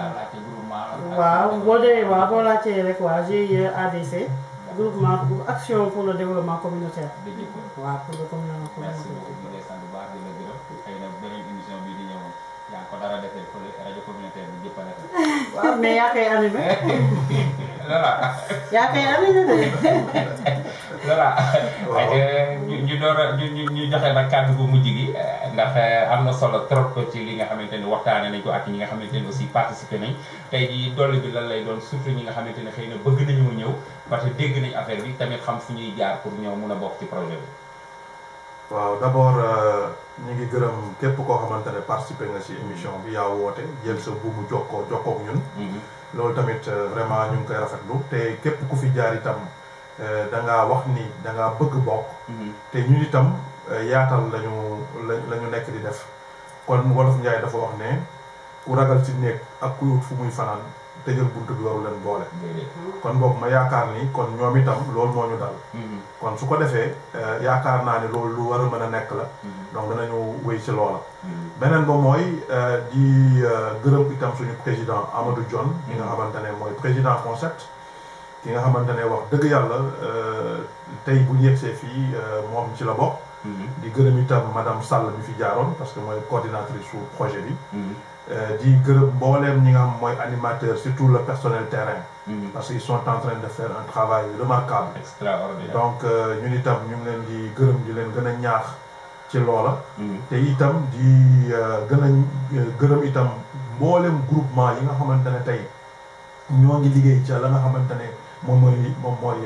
waaw boo dee waaw boo laajtee rek waa GIE ADC. Mhm. groupement pour action pour le développement communautaire. waaw pour le communautaire. merci beaucoup ñu ngi lay sant bu baax di la gërëm xëy na beneen émission bii di ñëw waaw mais yaa koy animé. Lora. yaa koy animé. Lora. ñu ñu door a ñu ñu joxe nag kàddu bu mujj gi eh, ndax eh, am na solo trop ci li nga xamante ni waxtaane nañ ko ak ñi nga xamante ni aussi participé nañ tey jii dolli bi lan lay doon surtout ñi nga xamante ne xëy na bëgg nañoo ñëw parce que dégg nañ affaire bi tamit xam fu ñuy jaar pour ñoo mun a bokk ci projet bi. waaw d' abord euh, ñu ngi gërëm képp koo xamante ne participé nga si émission bi yaa woote jël sa buumu jokkoo jokkook ñun. Mhm. loolu tamit euh, vraiment ñu ngi koy rafetlu te képp ku fi jaar itam euh, da ngaa wax ni da ngaa bëgg bokk. Mhm. te ñun itam yaatal lañu la ñu nekk di def kon wolof Njaay dafa wax ne ku ragal si néeg ak ku fu muy fanaan. tëjal buntu bi waru leen boole. Mm-hmm. kon boog ma yaakaar ni kon ñoom itam loolu moo ñu dal. Mm-hmm. kon su ko defee eh, yaakaar naa ne loolu lu war a mën a nekk la. Mm-hmm. donc danañu wéy ci loola. beneen ba mooy eh, di eh, gërëm itam suñu président Amadou Dione. mi nga xamante ne mooy président concept. ki nga xamante ne wax dëgg yàlla tey bu ñu see fii moom ci la bokk. di gërëm itam madame sàll bi fi jaaroon parce que mooy coordinatrice su projet bi. Euh, di gërëm mbooleem ñi nga xam mooy animateur surtout le personnel terrain. Mm-hmm. parce qu'ils sont en train de faire un travail remarquable. extraordinaire donc euh, ñu ñun itam ñu ngi leen di gërëm di leen gën a ñaax ci loola. Mm-hmm. te itam di euh, gën a gërëm itam mbooleem groupement yi nga xamante ne tey ñoo ngi liggéey ca la nga xamante ne moom mooy moom mooy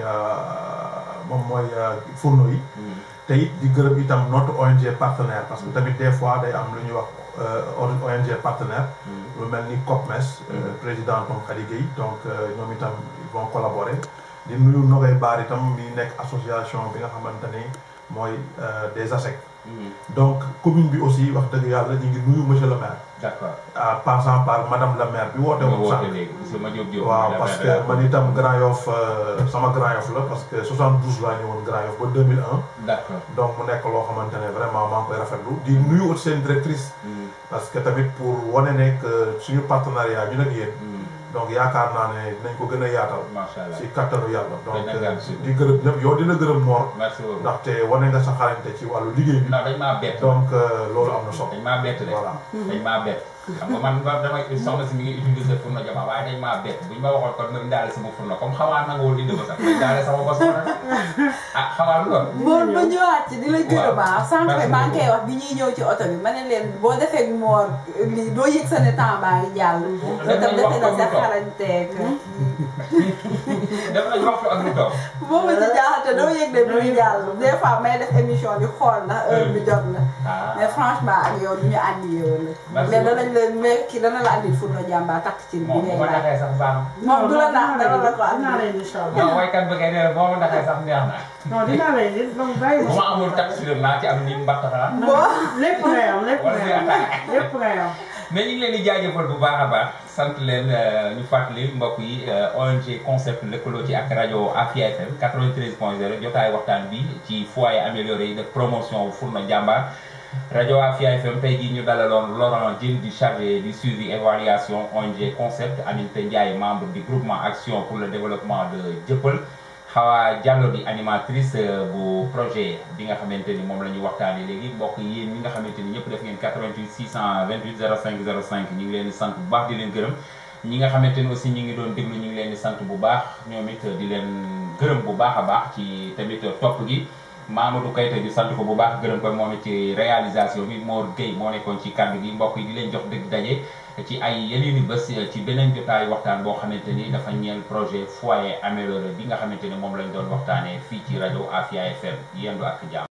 moom mooy yi. Mm-hmm. tey di gërëb itam not ONG partenaire parce que tamit des fois day am lu ñuy wax euh, ONG partenaire mm-hmm. lu mel ni COPMES euh, mm-hmm. président Tom Khady Gueye donc euh, ñoom itam ils vont collaborer di nuyu Nogay Baar itam mi nekk association bi nga xamante ni mooy des ASEC mm-hmm. donc commune bi aussi wax dëgg yàlla ñu ngi nuyu monsieur le maire d'accord en passant par madame la maire bi woote woon sax waaw parce que man itam Grand Yoff euh, sama Grand Yoff la parce que 72 laa ñëwoon Grand Yoff ba 2001. d'accord donc mu nekk loo xamante ne vraiment maa ngi koy rafetlu di nuyu aussi seen directrice. Mm. parce que tamit pour wane ne suñu partenariat ñu ne yéen. Mm. donc yaakaar naa ne nañ ko gën a yaatal. macha allah si kattanu yàlla. donc di gërëm ñëpp yow dina gërëm Mor. merci ndaxte wane nga sa xarañte ci wàllu liggéey bi. dañ maa bett. donc euh, loolu am na solo. dañ maa bett de. xam nga man damay soxna si mi ngi utilisé fourneau jamaa waaye dañ maa bett buñ ma waxoon kon ma indaale sama fourneau comme xawaa nangoo li dëgg sax ah, di la gën a baax. sànq maa ngi koy wax bi ñuy sa ne temps baa ngi jàll. loolu tam defe na sa xaranteeg. def nañ waxtu ak lu toog. boo ma ci jaaxate doo yëg ne muy jàll des fois may def émission bi na heure bi jot na. Ah. mais franchement ak léeg-léeg mais kii dana la andil foto jàmbaar takk ci. bi ngay laaj sax baax moom du la naax dana la ko am. dinaa lay incha allah non mooy kan bëgg a ne boo ma naxee sax neex na. non dinaa lay de donc bàyyi bu ma amul takk si ci am ni mbàkk xanaa. lépp ngay am lépp ngay am lépp ngay am. mais ñu ngi leen di jaajëfal bu baax a baax sant leen euh, ñu fàttali mbokk yi euh, ONG concept lëkkaloo ci ak rajo Afia FM 93 point 0 jotaay waxtaan bi ci foyer amélioré yi de promotion Fourno Jambaar rajo Afia FM tey jii ñu dalaloon Laurent Diène di chargé du suivi évaluation ONG Concept Aminata Ndiaye membre du groupement action pour le développement de Dieuppeul Hawa Diallo di animatrice euh, bu projet bi nga xamante ni moom la ñu waxtaanee léegi mbokk yéen ñi nga xamante ni ñëpp def ngeen 88 628 05 05 ñu ngi leen di sant bu baax di leen gërëm ñi nga xamante ni aussi ñu ngi doon déglu ñu ngi leen di sant bu baax ñoom it di leen gërëm bu baax a baax ci tamit topp gi. Mamadou Kayte ñu sant ko bu baax gërëm ko moom ci réalisation bi Mor Gueye moo nekkoon ci kàddu gi mbokk yi di leen jox dëgg daje ci ay yeneeni bés ci beneen jotaayu waxtaan boo xamante ni dafa ñeel projet foyer amélioré bi nga xamante ne moom lañ doon waxtaanee fii ci rajo Afia FM yendu ak jàmm